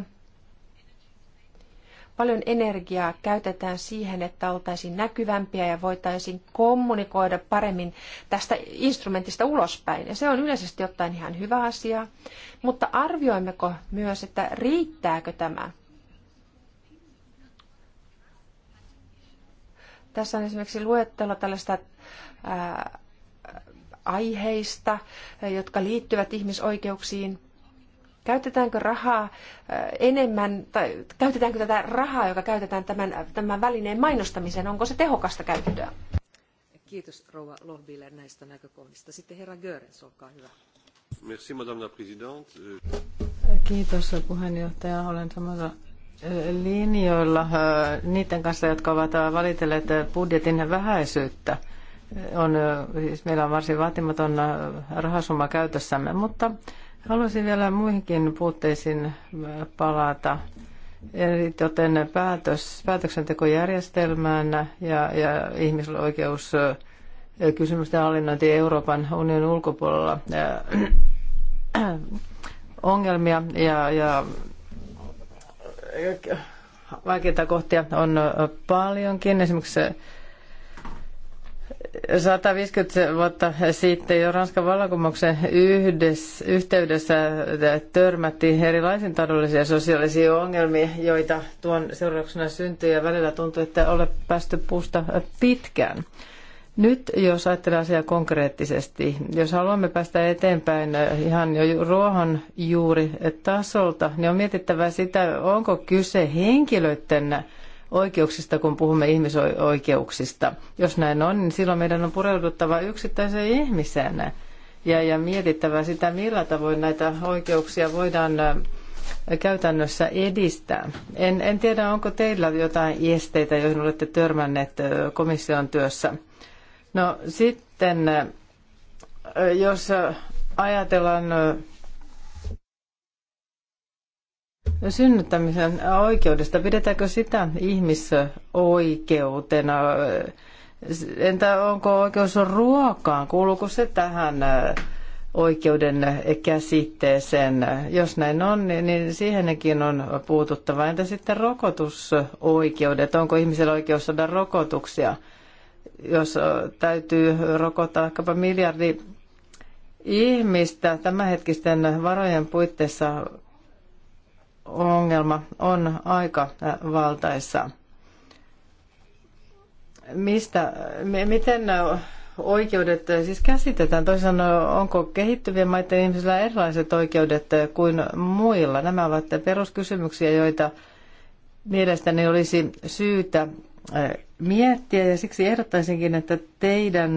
paljon energiaa käytetään siihen, että oltaisiin näkyvämpiä ja voitaisiin kommunikoida paremmin tästä instrumentista ulospäin. Ja se on yleisesti ottaen ihan hyvä asia. Mutta arvioimmeko myös, että riittääkö tämä? Tässä on esimerkiksi luettelo tällaista ää, aiheista, jotka liittyvät ihmisoikeuksiin – Käytetäänkö rahaa äh, enemmän, tai käytetäänkö tätä rahaa, joka käytetään tämän, tämän välineen mainostamiseen, onko se tehokasta käyttöä? Kiitos rouva Lohbille näistä näkökohdista. Sitten herra Görens, olkaa hyvä. Merci, madame la présidente. Kiitos puheenjohtaja. Olen samalla linjoilla niiden kanssa, jotka ovat valitelleet budjetin vähäisyyttä. On, siis meillä on varsin vaatimaton rahasumma käytössämme, mutta Haluaisin vielä muihinkin puutteisiin äh, palata. Eli joten päätös, päätöksentekojärjestelmään ja, ja ihmisoikeus äh, kysymysten hallinnointi Euroopan unionin ulkopuolella äh, ongelmia ja, ja vaikeita kohtia on paljonkin. Esimerkiksi 150 vuotta sitten jo Ranskan vallankumouksen yhdessä, yhteydessä törmättiin erilaisiin taloudellisiin ja sosiaalisiin ongelmiin, joita tuon seurauksena syntyi ja välillä tuntui, että ole päästy puusta pitkään. Nyt jos ajattelee asiaa konkreettisesti, jos haluamme päästä eteenpäin ihan jo ruohon juuri tasolta, niin on mietittävä sitä, onko kyse henkilöiden oikeuksista, kun puhumme ihmisoikeuksista. Jos näin on, niin silloin meidän on pureuduttava yksittäiseen ihmiseen ja, ja mietittävä sitä, millä tavoin näitä oikeuksia voidaan käytännössä edistää. En, en tiedä, onko teillä jotain esteitä, joihin olette törmänneet komission työssä. No sitten, jos ajatellaan synnyttämisen oikeudesta, pidetäänkö sitä ihmisoikeutena? Entä onko oikeus ruokaan? Kuuluuko se tähän oikeuden käsitteeseen? Jos näin on, niin, niin siihenkin on puututtava. Entä sitten rokotusoikeudet? Onko ihmisellä oikeus saada rokotuksia? Jos täytyy rokottaa vaikkapa miljardi ihmistä tämänhetkisten varojen puitteissa ongelma on aika valtaissa. Mistä, miten oikeudet siis käsitetään? Toisaalta onko kehittyvien maiden ihmisillä erilaiset oikeudet kuin muilla? Nämä ovat peruskysymyksiä, joita mielestäni olisi syytä miettiä ja siksi ehdottaisinkin, että teidän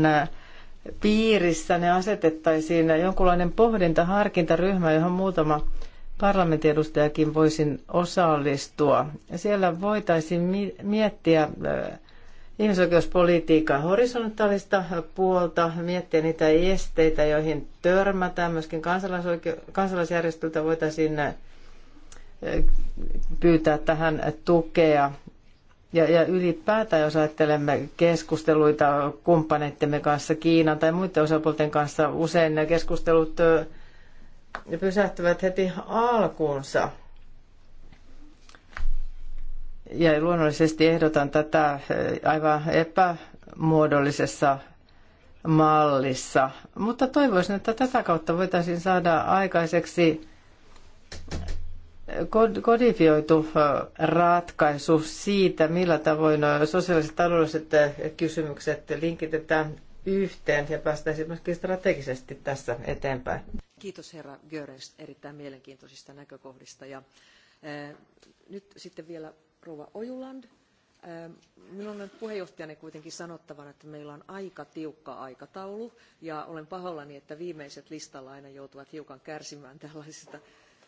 piirissä ne asetettaisiin jonkunlainen pohdinta, harkintaryhmä, johon muutama parlamenttiedustajakin voisin osallistua. Siellä voitaisiin miettiä ihmisoikeuspolitiikan horisontaalista puolta, miettiä niitä esteitä, joihin törmätään. Myöskin kansalaisjärjestöltä voitaisiin pyytää tähän tukea. Ja, ja ylipäätään, jos ajattelemme keskusteluita kumppaneittemme kanssa, Kiinan tai muiden osapuolten kanssa, usein keskustelut pysähtyvät heti alkuunsa. Ja luonnollisesti ehdotan tätä eh, aivan epämuodollisessa mallissa, mutta toivoisin, että tätä kautta voitaisiin saada aikaiseksi kodifioitu eh, ratkaisu siitä, millä tavoin eh, sosiaaliset taloudelliset kysymykset linkitetään yhteen ja päästäisiin myöskin strategisesti tässä eteenpäin. Kiitos herra Görens erittäin mielenkiintoisista näkökohdista. Ja, ää, eh, nyt sitten vielä rouva Ojuland. Eh, minun on puheenjohtajana kuitenkin sanottava, että meillä on aika tiukka aikataulu ja olen pahoillani, että viimeiset listalla aina joutuvat hiukan kärsimään tällaisista.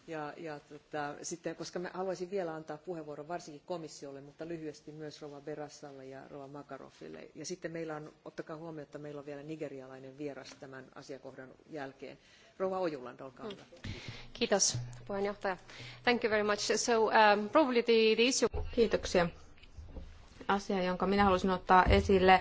Ja, ja tota, sitten, koska mä haluaisin vielä antaa puheenvuoron varsinkin komissiolle, mutta lyhyesti myös Rova Berassalle ja Rova Makarofille. Ja sitten meillä on, ottakaa huomioon, että meillä on vielä nigerialainen vieras tämän asiakohdan jälkeen. Kiitos puheenjohtaja. Thank you very much. So, um, probably the, issue... Kiitoksia asia, jonka minä halusin ottaa esille,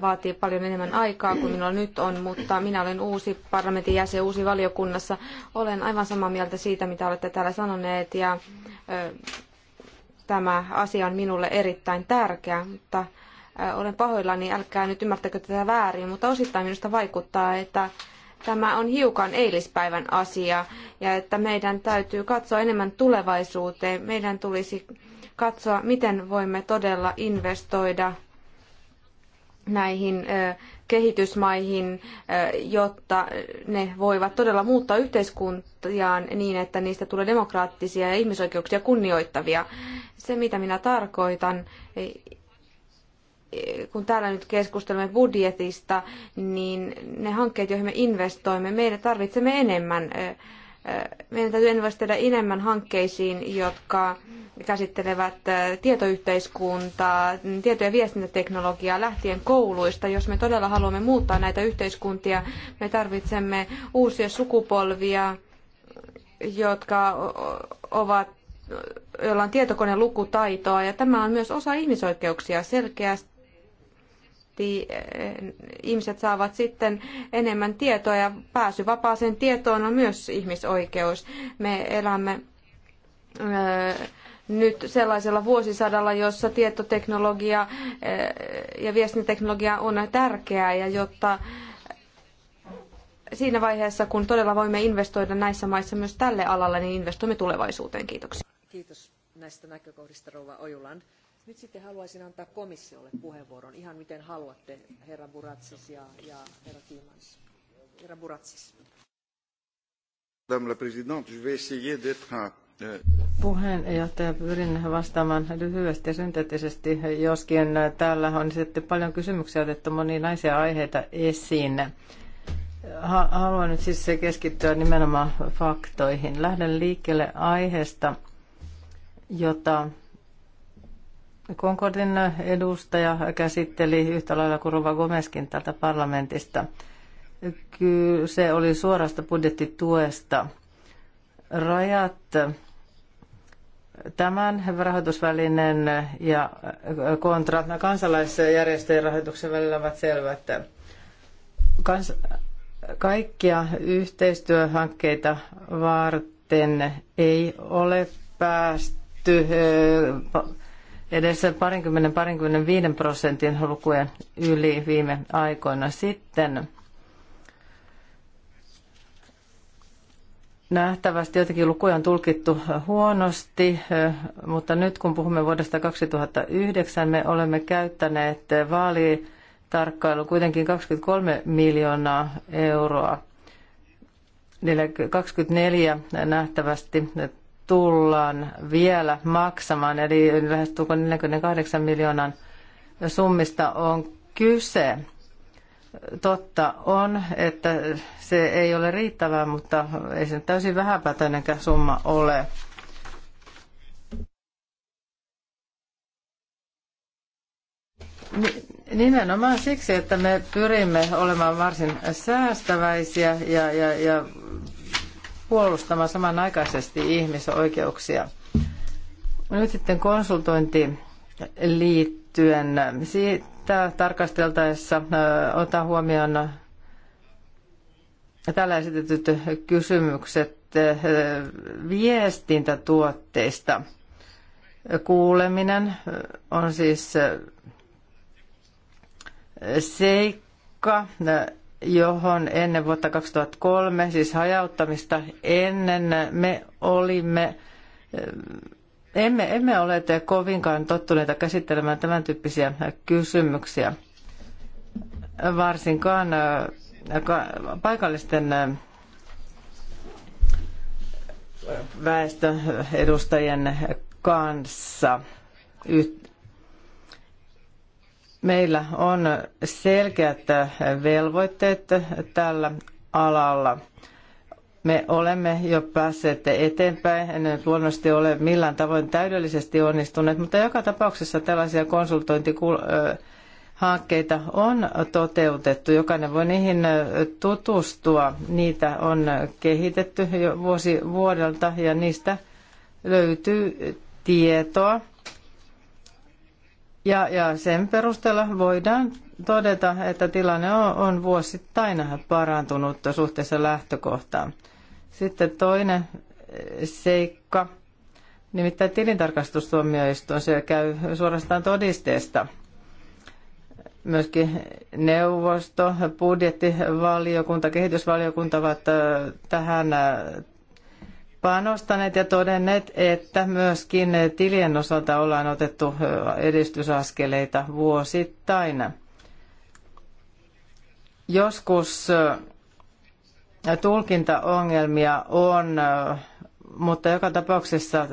vaatii paljon enemmän aikaa kuin minulla nyt on, mutta minä olen uusi parlamentin jäsen, uusi valiokunnassa. Olen aivan samaa mieltä siitä, mitä olette täällä sanoneet ja tämä asia on minulle erittäin tärkeä, mutta olen pahoillani, älkää nyt ymmärtäkö tätä väärin, mutta osittain minusta vaikuttaa, että tämä on hiukan eilispäivän asia ja että meidän täytyy katsoa enemmän tulevaisuuteen. Meidän tulisi katsoa, miten voimme todella investoida näihin kehitysmaihin, jotta ne voivat todella muuttaa yhteiskuntiaan niin, että niistä tulee demokraattisia ja ihmisoikeuksia kunnioittavia. Se, mitä minä tarkoitan, kun täällä nyt keskustelemme budjetista, niin ne hankkeet, joihin me investoimme, meidän tarvitsemme enemmän. Meidän täytyy investoida enemmän hankkeisiin, jotka käsittelevät tietoyhteiskuntaa, tieto- ja viestintäteknologiaa lähtien kouluista. Jos me todella haluamme muuttaa näitä yhteiskuntia, me tarvitsemme uusia sukupolvia, jotka ovat jolla on tietokonelukutaitoa ja tämä on myös osa ihmisoikeuksia selkeästi varmasti eh, ihmiset saavat sitten enemmän tietoa ja pääsy vapaaseen tietoon on myös ihmisoikeus. Me elämme eh, nyt sellaisella vuosisadalla, jossa tietoteknologia eh, ja viestintäteknologia on tärkeää ja jotta siinä vaiheessa, kun todella voimme investoida näissä maissa myös tälle alalle, niin investoimme tulevaisuuteen. Kiitoksia. Kiitos näistä näkökohdista, Rouva Ojulan. Nyt sitten haluaisin antaa komissiolle puheenvuoron, ihan miten haluatte, herra Buratsis ja, ja herra Timans. Herra Buratsis. Madame la Présidente, je vais essayer d'être un euh, Puheenjohtaja, pyrin vastaamaan lyhyesti ja synteettisesti, joskin täällä on sitten paljon kysymyksiä otettu moninaisia aiheita esiin. Haluan nyt siis keskittyä nimenomaan faktoihin. Lähden liikkeelle aiheesta, jota Concordin edustaja käsitteli yhtä lailla kuin Ruva Gomeskin täältä parlamentista. Kyllä se oli suorasta budjettituesta. Rajat tämän rahoitusvälinen ja kontra kansalaisjärjestöjen rahoituksen välillä ovat selvät. Kans, kaikkia yhteistyöhankkeita varten ei ole päästy edes parinkymmenen, parinkymmenen viiden prosentin lukujen yli viime aikoina sitten. Nähtävästi jotenkin lukuja on tulkittu huonosti, mutta nyt kun puhumme vuodesta 2009, me olemme käyttäneet vaalitarkkailu kuitenkin 23 miljoonaa euroa. 24 nähtävästi tullaan vielä maksamaan, eli lähestulkoon 48 miljoonan summista on kyse. Totta on, että se ei ole riittävää, mutta ei se täysin vähäpätöinenkään summa ole. Nimenomaan siksi, että me pyrimme olemaan varsin säästäväisiä ja, ja, ja puolustamaan samanaikaisesti ihmisoikeuksia. Nyt sitten konsultointi liittyen siitä tarkasteltaessa ottaa huomioon tällä esitetyt kysymykset viestintätuotteista. Kuuleminen on siis seikka, johon ennen vuotta 2003, siis hajauttamista ennen, me olimme, eh, emme, emme ole kovinkaan tottuneita käsittelemään tämän tyyppisiä kysymyksiä, varsinkaan eh, paikallisten eh, väestön edustajien kanssa Meillä on selkeät velvoitteet tällä alalla. Me olemme jo päässeet eteenpäin, en nyt luonnollisesti ole millään tavoin täydellisesti onnistuneet, mutta joka tapauksessa tällaisia konsultointihankkeita on toteutettu. Jokainen voi niihin tutustua. Niitä on kehitetty jo vuosi vuodelta ja niistä löytyy tietoa ja, ja sen perusteella voidaan todeta, että tilanne on, on vuosittain parantunut suhteessa lähtökohtaan. Sitten toinen eh, seikka, nimittäin tilintarkastustuomioistuin, se käy suorastaan todisteesta. Myöskin neuvosto, budjettivaliokunta, kehitysvaliokunta ovat eh, tähän eh, panostaneet ja todenneet, että myöskin tilien osalta ollaan otettu edistysaskeleita vuosittain. Joskus tulkintaongelmia on, mutta joka tapauksessa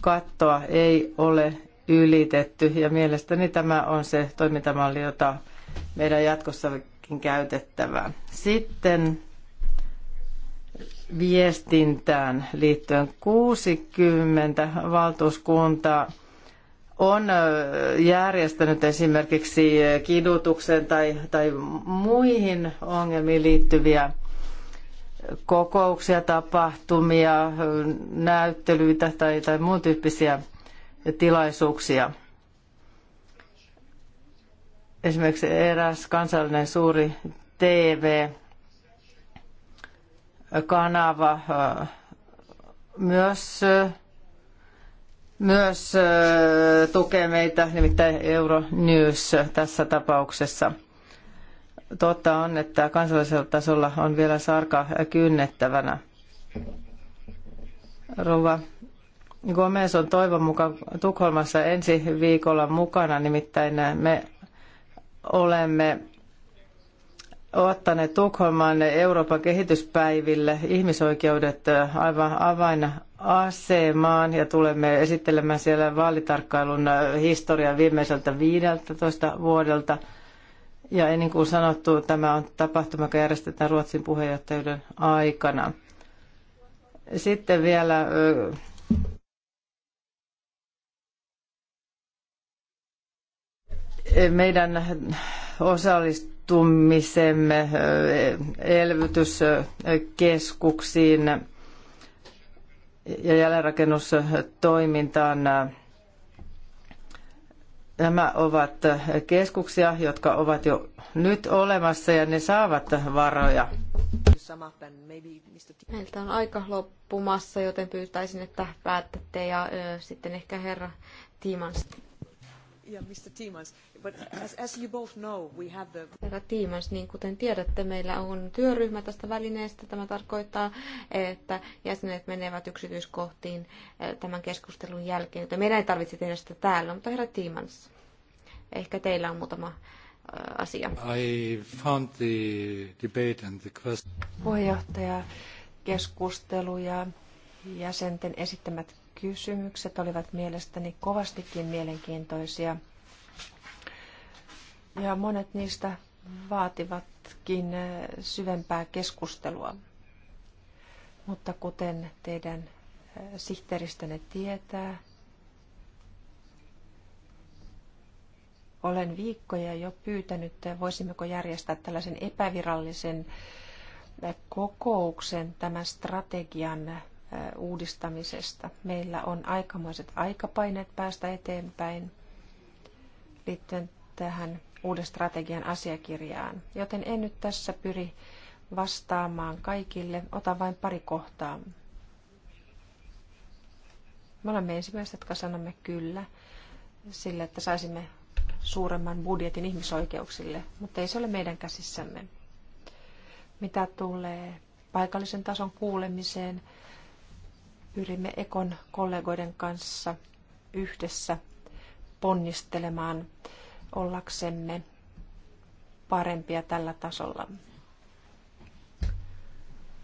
kattoa ei ole ylitetty ja mielestäni tämä on se toimintamalli, jota meidän jatkossakin käytettävä. Sitten viestintään liittyen 60 valtuuskuntaa on järjestänyt esimerkiksi kidutuksen tai, tai muihin ongelmiin liittyviä kokouksia, tapahtumia, näyttelyitä tai, tai muun tyyppisiä tilaisuuksia. Esimerkiksi eräs kansallinen suuri TV kanava myös, myös tukee meitä, nimittäin Euronews tässä tapauksessa. Totta on, että kansallisella tasolla on vielä sarka kynnettävänä. Rova Gomez on toivon mukaan Tukholmassa ensi viikolla mukana, nimittäin me olemme ottaneet Tukholman Euroopan kehityspäiville ihmisoikeudet äh, aivan avainasemaan ja tulemme esittelemään siellä vaalitarkkailun äh, historian viimeiseltä 15 vuodelta. Ja niin kuin sanottu, tämä on tapahtuma, joka järjestetään Ruotsin puheenjohtajuuden aikana. Sitten vielä äh, meidän osallist puuttumisemme elvytyskeskuksiin ja jälleenrakennustoimintaan. Nämä ovat keskuksia, jotka ovat jo nyt olemassa ja ne saavat varoja. Meiltä on aika loppumassa, joten pyytäisin, että päätätte ja sitten ehkä herra Tiimans. Yeah, Mr. But as, as you both know, we have the... Herra Tiemans, niin kuten tiedätte, meillä on työryhmä tästä välineestä. Tämä tarkoittaa, että jäsenet menevät yksityiskohtiin eh, tämän keskustelun jälkeen. Joten meidän ei tarvitse tehdä sitä täällä, mutta herra tiimans, ehkä teillä on muutama eh, asia. I found the debate and the question. Puheenjohtaja, keskustelu ja jäsenten esittämät kysymykset olivat mielestäni kovastikin mielenkiintoisia. Ja monet niistä vaativatkin eh, syvempää keskustelua. Mutta kuten teidän eh, sihteeristönne tietää, olen viikkoja jo pyytänyt, eh, voisimmeko järjestää tällaisen epävirallisen kokouksen tämän strategian uudistamisesta. Meillä on aikamoiset aikapaineet päästä eteenpäin liittyen tähän uuden strategian asiakirjaan, joten en nyt tässä pyri vastaamaan kaikille. Otan vain pari kohtaa. Me olemme ensimmäiset, jotka sanomme kyllä sille, että saisimme suuremman budjetin ihmisoikeuksille, mutta ei se ole meidän käsissämme. Mitä tulee paikallisen tason kuulemiseen, pyrimme Ekon kollegoiden kanssa yhdessä ponnistelemaan ollaksemme parempia tällä tasolla.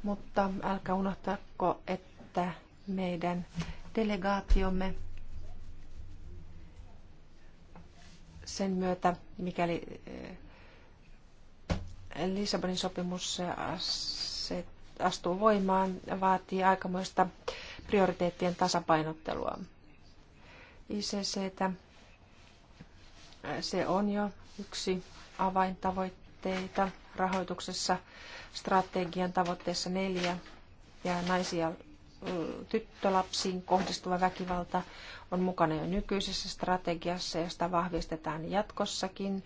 Mutta älkää unohtako, että meidän delegaatiomme sen myötä, mikäli eh, Lissabonin sopimus eh, astuu voimaan, vaatii aikamoista prioriteettien tasapainottelua. ICC, se on jo yksi avaintavoitteita rahoituksessa strategian tavoitteessa neljä ja naisia tyttölapsiin kohdistuva väkivalta on mukana jo nykyisessä strategiassa ja sitä vahvistetaan jatkossakin,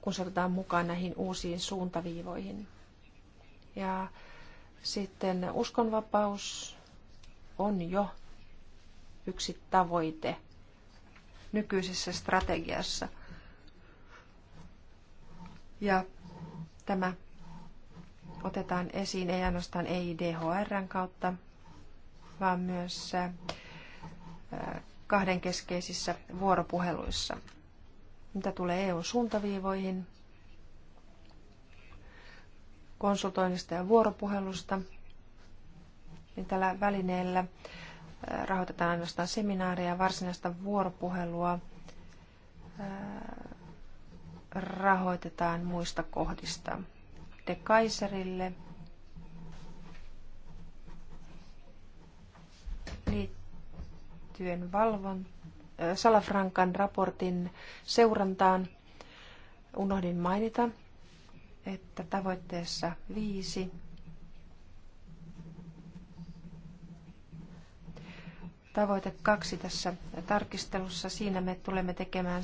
kun se otetaan mukaan näihin uusiin suuntaviivoihin. Ja sitten uskonvapaus on jo yksi tavoite nykyisessä strategiassa. Ja tämä otetaan esiin ei ainoastaan EIDHRn kautta, vaan myös kahdenkeskeisissä vuoropuheluissa. Mitä tulee EU-suuntaviivoihin, konsultoinnista ja vuoropuhelusta – niin tällä välineellä äh, rahoitetaan ainoastaan seminaaria, varsinaista vuoropuhelua äh, rahoitetaan muista kohdista. De Kaiserille liittyen valvon, äh, Salafrankan raportin seurantaan unohdin mainita, että tavoitteessa viisi tavoite kaksi tässä tarkistelussa. Siinä me tulemme tekemään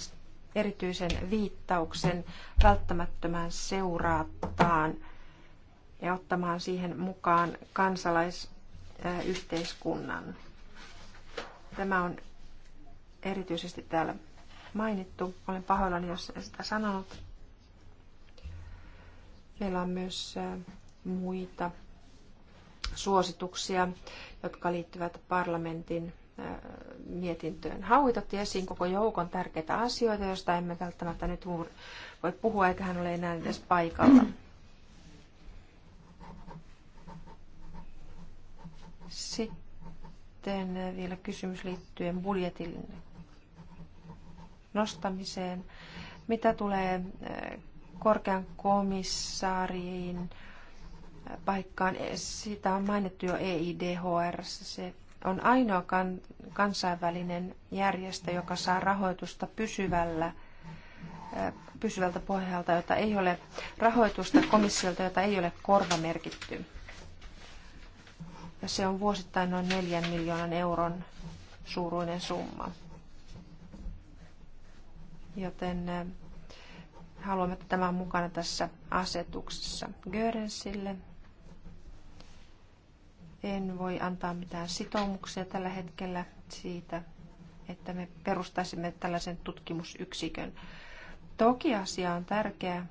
erityisen viittauksen välttämättömään seuraataan ja ottamaan siihen mukaan kansalaisyhteiskunnan. Tämä on erityisesti täällä mainittu. Olen pahoillani, jos en sitä sanonut. Meillä on myös muita suosituksia, jotka liittyvät parlamentin mietintöön. Hauit otti esiin koko joukon tärkeitä asioita, joista emme välttämättä nyt voi puhua, eikä hän ole enää edes paikalla. Sitten vielä kysymys liittyen budjetin nostamiseen. Mitä tulee korkean komissaariin paikkaan? Sitä on mainittu jo EIDHR, se on ainoa kansainvälinen järjestö, joka saa rahoitusta pysyvällä pysyvältä pohjalta, jota ei ole rahoitusta komissiolta, jota ei ole korvamerkitty. Ja se on vuosittain noin 4 miljoonan euron suuruinen summa. Joten haluamme, että tämä on mukana tässä asetuksessa. Görensille en voi antaa mitään sitoumuksia tällä hetkellä siitä, että me perustaisimme tällaisen tutkimusyksikön. Toki asia on tärkeä,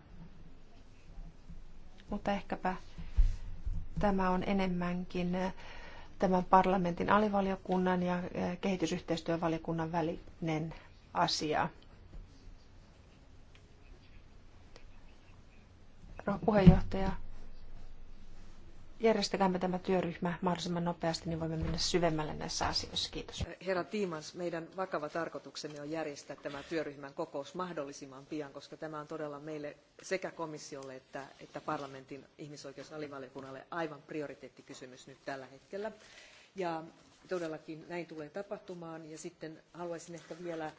mutta ehkäpä tämä on enemmänkin tämän parlamentin alivaliokunnan ja kehitysyhteistyövaliokunnan välinen asia. Puheenjohtaja järjestäkäämme tämä työryhmä mahdollisimman nopeasti, niin voimme mennä syvemmälle näissä asioissa. Kiitos. Herra Tiimans, meidän vakava tarkoituksemme on järjestää tämä työryhmän kokous mahdollisimman pian, koska tämä on todella meille sekä komissiolle että, että parlamentin ihmisoikeusalivaliokunnalle aivan prioriteettikysymys nyt tällä hetkellä. Ja todellakin näin tulee tapahtumaan. Ja sitten haluaisin ehkä vielä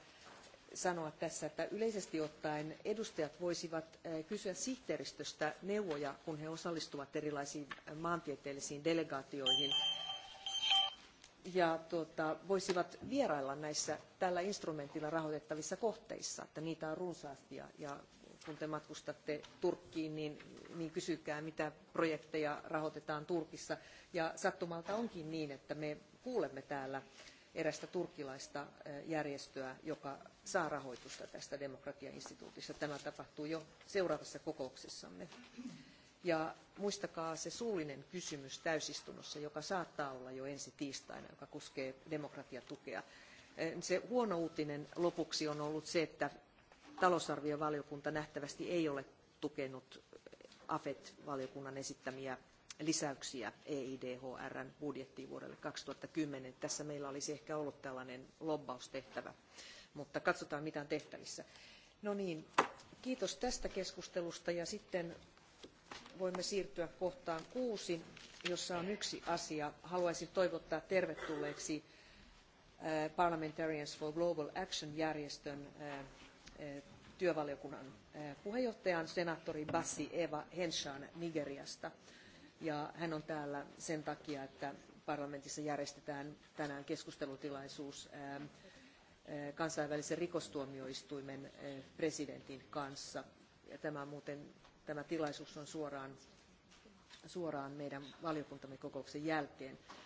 sanoa tässä, että yleisesti ottaen edustajat voisivat eh, kysyä sihteeristöstä neuvoja, kun he osallistuvat erilaisiin eh, maantieteellisiin delegaatioihin ja tuota, voisivat vierailla näissä tällä instrumentilla rahoitettavissa kohteissa, että niitä on runsaasti ja, ja kun te matkustatte Turkkiin, niin, niin, kysykää, mitä projekteja rahoitetaan Turkissa. Ja sattumalta onkin niin, että me kuulemme täällä erästä turkkilaista järjestöä, joka saa rahoitusta tästä demokratiainstituutista. Tämä tapahtuu jo seuraavassa kokouksessamme. Ja muistakaa se suullinen kysymys täysistunnossa, joka saattaa olla jo ensi tiistaina, joka koskee demokratiatukea. Se huono uutinen lopuksi on ollut se, että talousarviovaliokunta nähtävästi ei ole tukenut AFET-valiokunnan esittämiä lisäyksiä EIDHRn budjettiin vuodelle 2010. Tässä meillä olisi ehkä ollut tällainen lobbaustehtävä, mutta katsotaan mitä on tehtävissä. No niin, kiitos tästä keskustelusta ja sitten voimme siirtyä kohtaan kuusi, jossa on yksi asia. Haluaisin toivottaa tervetulleeksi äh, Parliamentarians for Global Action-järjestön äh, äh, työvaliokunnan puheenjohtajan, senaattori Bassi Eva Henshan Nigeriasta. Ja hän on täällä sen takia, että parlamentissa järjestetään tänään keskustelutilaisuus ähm, äh, kansainvälisen rikostuomioistuimen äh, presidentin kanssa. Ja tämä, muuten, tämä tilaisuus on suoraan, suoraan meidän valiokuntamme kokouksen jälkeen. Äh,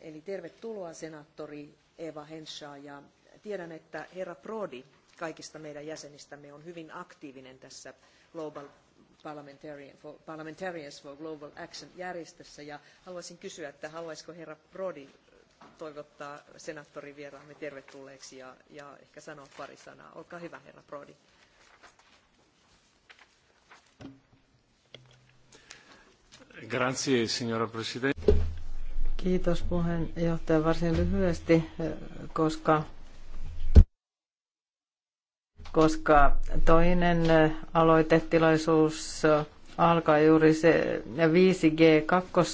eli tervetuloa senaattori Eva Henshaw ja tiedän, että herra Prodi kaikista meidän jäsenistämme on hyvin aktiivinen tässä Global Parliamentarians for Global Action järjestössä ja haluaisin kysyä, että haluaisiko herra Brody toivottaa senaattorin vieraamme tervetulleeksi ja, ja ehkä sanoa pari sanaa. Olkaa hyvä, herra Brody. Grazie, signora Presidente. Kiitos puheenjohtaja varsin lyhyesti, koska koska toinen aloitetilaisuus alkaa juuri se 5G2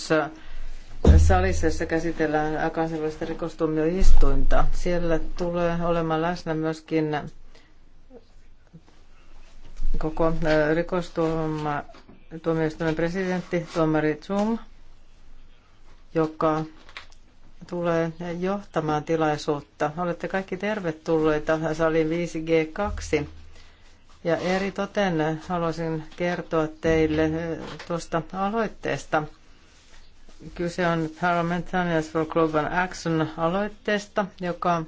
salissa, jossa käsitellään kansainvälistä rikostuomioistuinta. Siellä tulee olemaan läsnä myöskin koko äh, rikostuomioistuimen presidentti, tuomari Zoom, joka tulee johtamaan tilaisuutta. Olette kaikki tervetulleita saliin 5G2. Ja eri toten haluaisin kertoa teille eh, tuosta aloitteesta. Kyse on Parliamentarians for Global Action aloitteesta, joka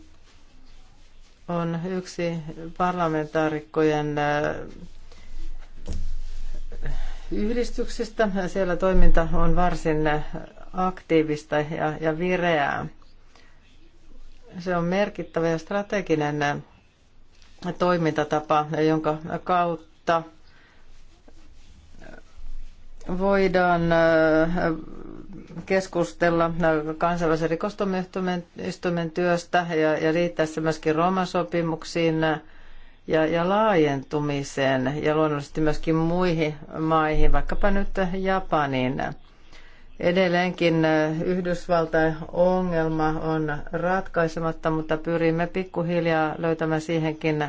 on yksi parlamentaarikkojen eh, yhdistyksistä. Siellä toiminta on varsin eh, aktiivista ja, ja vireää. Se on merkittävä ja strateginen toimintatapa, jonka kautta voidaan äh, keskustella kansainvälisen rikostuomioistuimen työstä ja, ja liittää se myöskin Rooman sopimuksiin ja, ja laajentumiseen ja luonnollisesti myöskin muihin maihin, vaikkapa nyt Japaniin. Edelleenkin äh, Yhdysvaltain ongelma on ratkaisematta, mutta pyrimme pikkuhiljaa löytämään siihenkin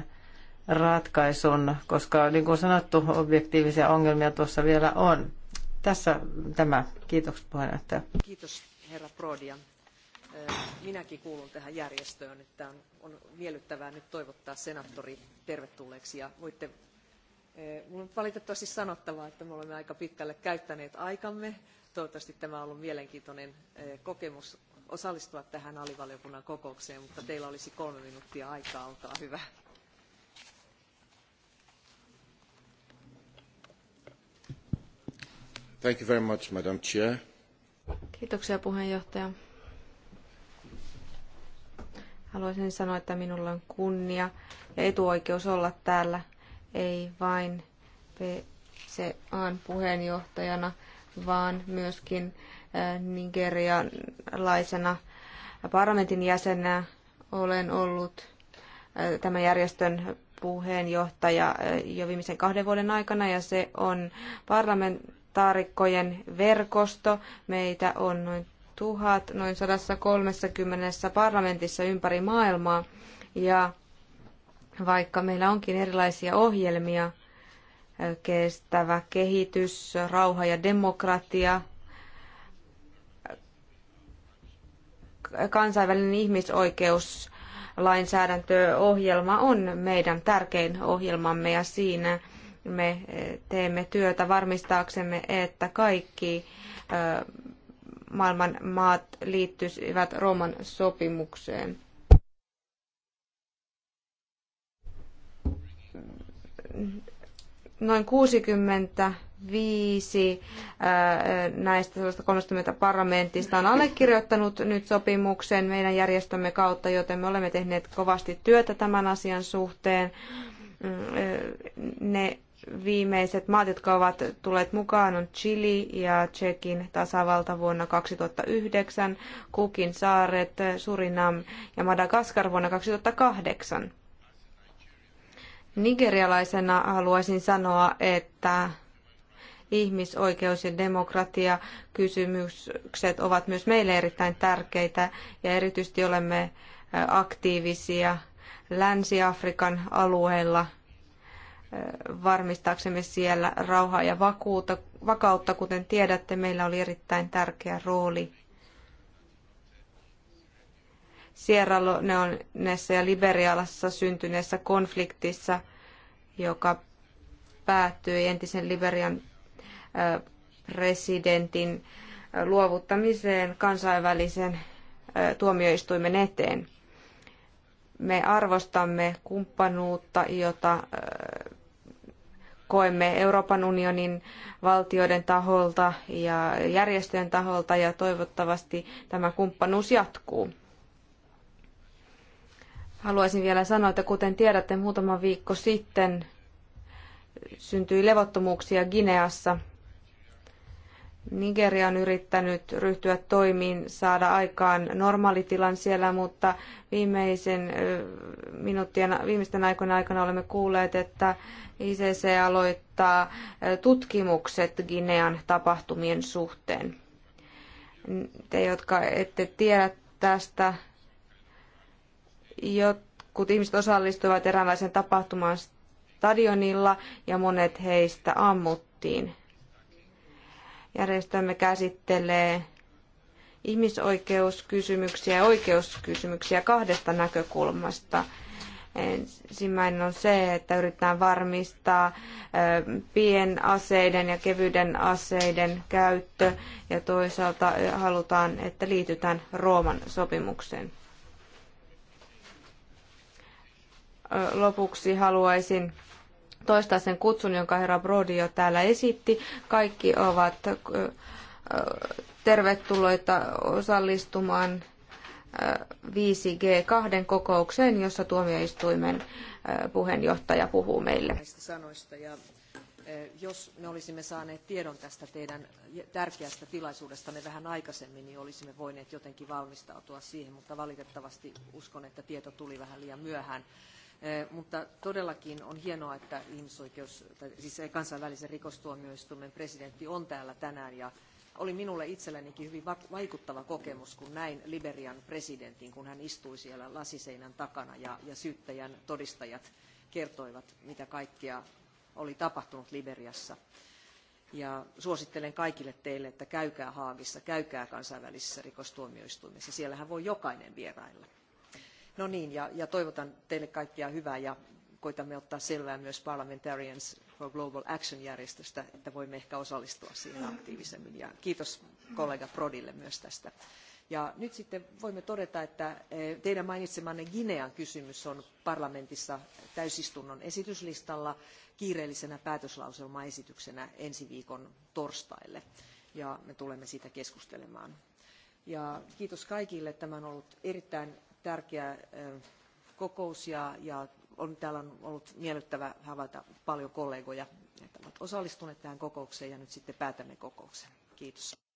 ratkaisun, koska niin kuin sanottu, objektiivisia ongelmia tuossa vielä on. Tässä tämä. Kiitos puheenjohtaja. Kiitos herra Prodia. Minäkin kuulun tähän järjestöön, että on, on miellyttävää nyt toivottaa senaattori tervetulleeksi ja voitte Minulla on valitettavasti sanottavaa, että me olemme aika pitkälle käyttäneet aikamme Toivottavasti tämä on ollut mielenkiintoinen eh, kokemus osallistua tähän alivaliokunnan kokoukseen, mutta teillä olisi kolme minuuttia aikaa, olkaa hyvä. Thank you very much, Madam Chair. Kiitoksia puheenjohtaja. Haluaisin sanoa, että minulla on kunnia ja etuoikeus olla täällä, ei vain PCAn puheenjohtajana, vaan myöskin nigerialaisena parlamentin jäsenä olen ollut tämän järjestön puheenjohtaja jo viimeisen kahden vuoden aikana ja se on parlamentaarikkojen verkosto. Meitä on noin tuhat, noin 130 parlamentissa ympäri maailmaa ja vaikka meillä onkin erilaisia ohjelmia, kestävä kehitys, rauha ja demokratia, kansainvälinen ihmisoikeuslainsäädäntöohjelma on meidän tärkein ohjelmamme ja siinä me teemme työtä varmistaaksemme, että kaikki maailman maat liittyisivät Rooman sopimukseen noin 65 näistä 130 parlamentista on allekirjoittanut nyt sopimuksen meidän järjestömme kautta, joten me olemme tehneet kovasti työtä tämän asian suhteen. Mm, ne viimeiset maat, jotka ovat tulleet mukaan, on Chili ja Tsekin tasavalta vuonna 2009, Kukin saaret, Surinam ja Madagaskar vuonna 2008. Nigerialaisena haluaisin sanoa, että ihmisoikeus- ja demokratiakysymykset ovat myös meille erittäin tärkeitä ja erityisesti olemme aktiivisia Länsi-Afrikan alueella varmistaaksemme siellä rauhaa ja vakuutta, vakautta. Kuten tiedätte, meillä oli erittäin tärkeä rooli Sierra Leoneessa ja Liberialassa syntyneessä konfliktissa, joka päättyi entisen Liberian presidentin luovuttamiseen kansainvälisen tuomioistuimen eteen. Me arvostamme kumppanuutta, jota koemme Euroopan unionin valtioiden taholta ja järjestöjen taholta ja toivottavasti tämä kumppanuus jatkuu. Haluaisin vielä sanoa, että kuten tiedätte, muutama viikko sitten syntyi levottomuuksia Gineassa. Nigeria on yrittänyt ryhtyä toimiin saada aikaan normaalitilan siellä, mutta viimeisen minuuttien, viimeisten aikojen aikana olemme kuulleet, että ICC aloittaa tutkimukset Ginean tapahtumien suhteen. Te, jotka ette tiedä tästä Jotkut ihmiset osallistuivat eräänlaiseen tapahtumaan stadionilla ja monet heistä ammuttiin. Järjestömme käsittelee ihmisoikeuskysymyksiä ja oikeuskysymyksiä kahdesta näkökulmasta. Ensimmäinen on se, että yritetään varmistaa pienaseiden ja kevyiden aseiden käyttö ja toisaalta halutaan, että liitytään Rooman sopimukseen. lopuksi haluaisin toistaa sen kutsun, jonka herra Brody jo täällä esitti. Kaikki ovat tervetulleita osallistumaan 5G2 kokoukseen, jossa tuomioistuimen puheenjohtaja puhuu meille. sanoista ja jos me olisimme saaneet tiedon tästä teidän tärkeästä tilaisuudestanne vähän aikaisemmin, niin olisimme voineet jotenkin valmistautua siihen, mutta valitettavasti uskon, että tieto tuli vähän liian myöhään. Eh, mutta todellakin on hienoa, että ihmisoikeus, tai siis kansainvälisen rikostuomioistuimen presidentti on täällä tänään ja oli minulle itsellenikin hyvin vaikuttava kokemus, kun näin Liberian presidentin, kun hän istui siellä lasiseinän takana ja, ja syyttäjän todistajat kertoivat, mitä kaikkea oli tapahtunut Liberiassa. Ja suosittelen kaikille teille, että käykää Haagissa, käykää kansainvälisessä rikostuomioistuimessa. Siellähän voi jokainen vierailla. No niin, ja, ja toivotan teille kaikkia hyvää ja koitamme ottaa selvää myös Parliamentarians for Global Action järjestöstä, että voimme ehkä osallistua siihen aktiivisemmin. Ja kiitos kollega Prodille myös tästä. Ja nyt sitten voimme todeta, että eh, teidän mainitsemanne Ginean kysymys on parlamentissa täysistunnon esityslistalla kiireellisenä päätöslauselmaesityksenä ensi viikon torstaille. Ja me tulemme siitä keskustelemaan. Ja kiitos kaikille. Tämä on ollut erittäin tärkeä kokous ja, on, täällä on ollut miellyttävä havaita paljon kollegoja, jotka ovat osallistuneet tähän kokoukseen ja nyt sitten päätämme kokouksen. Kiitos.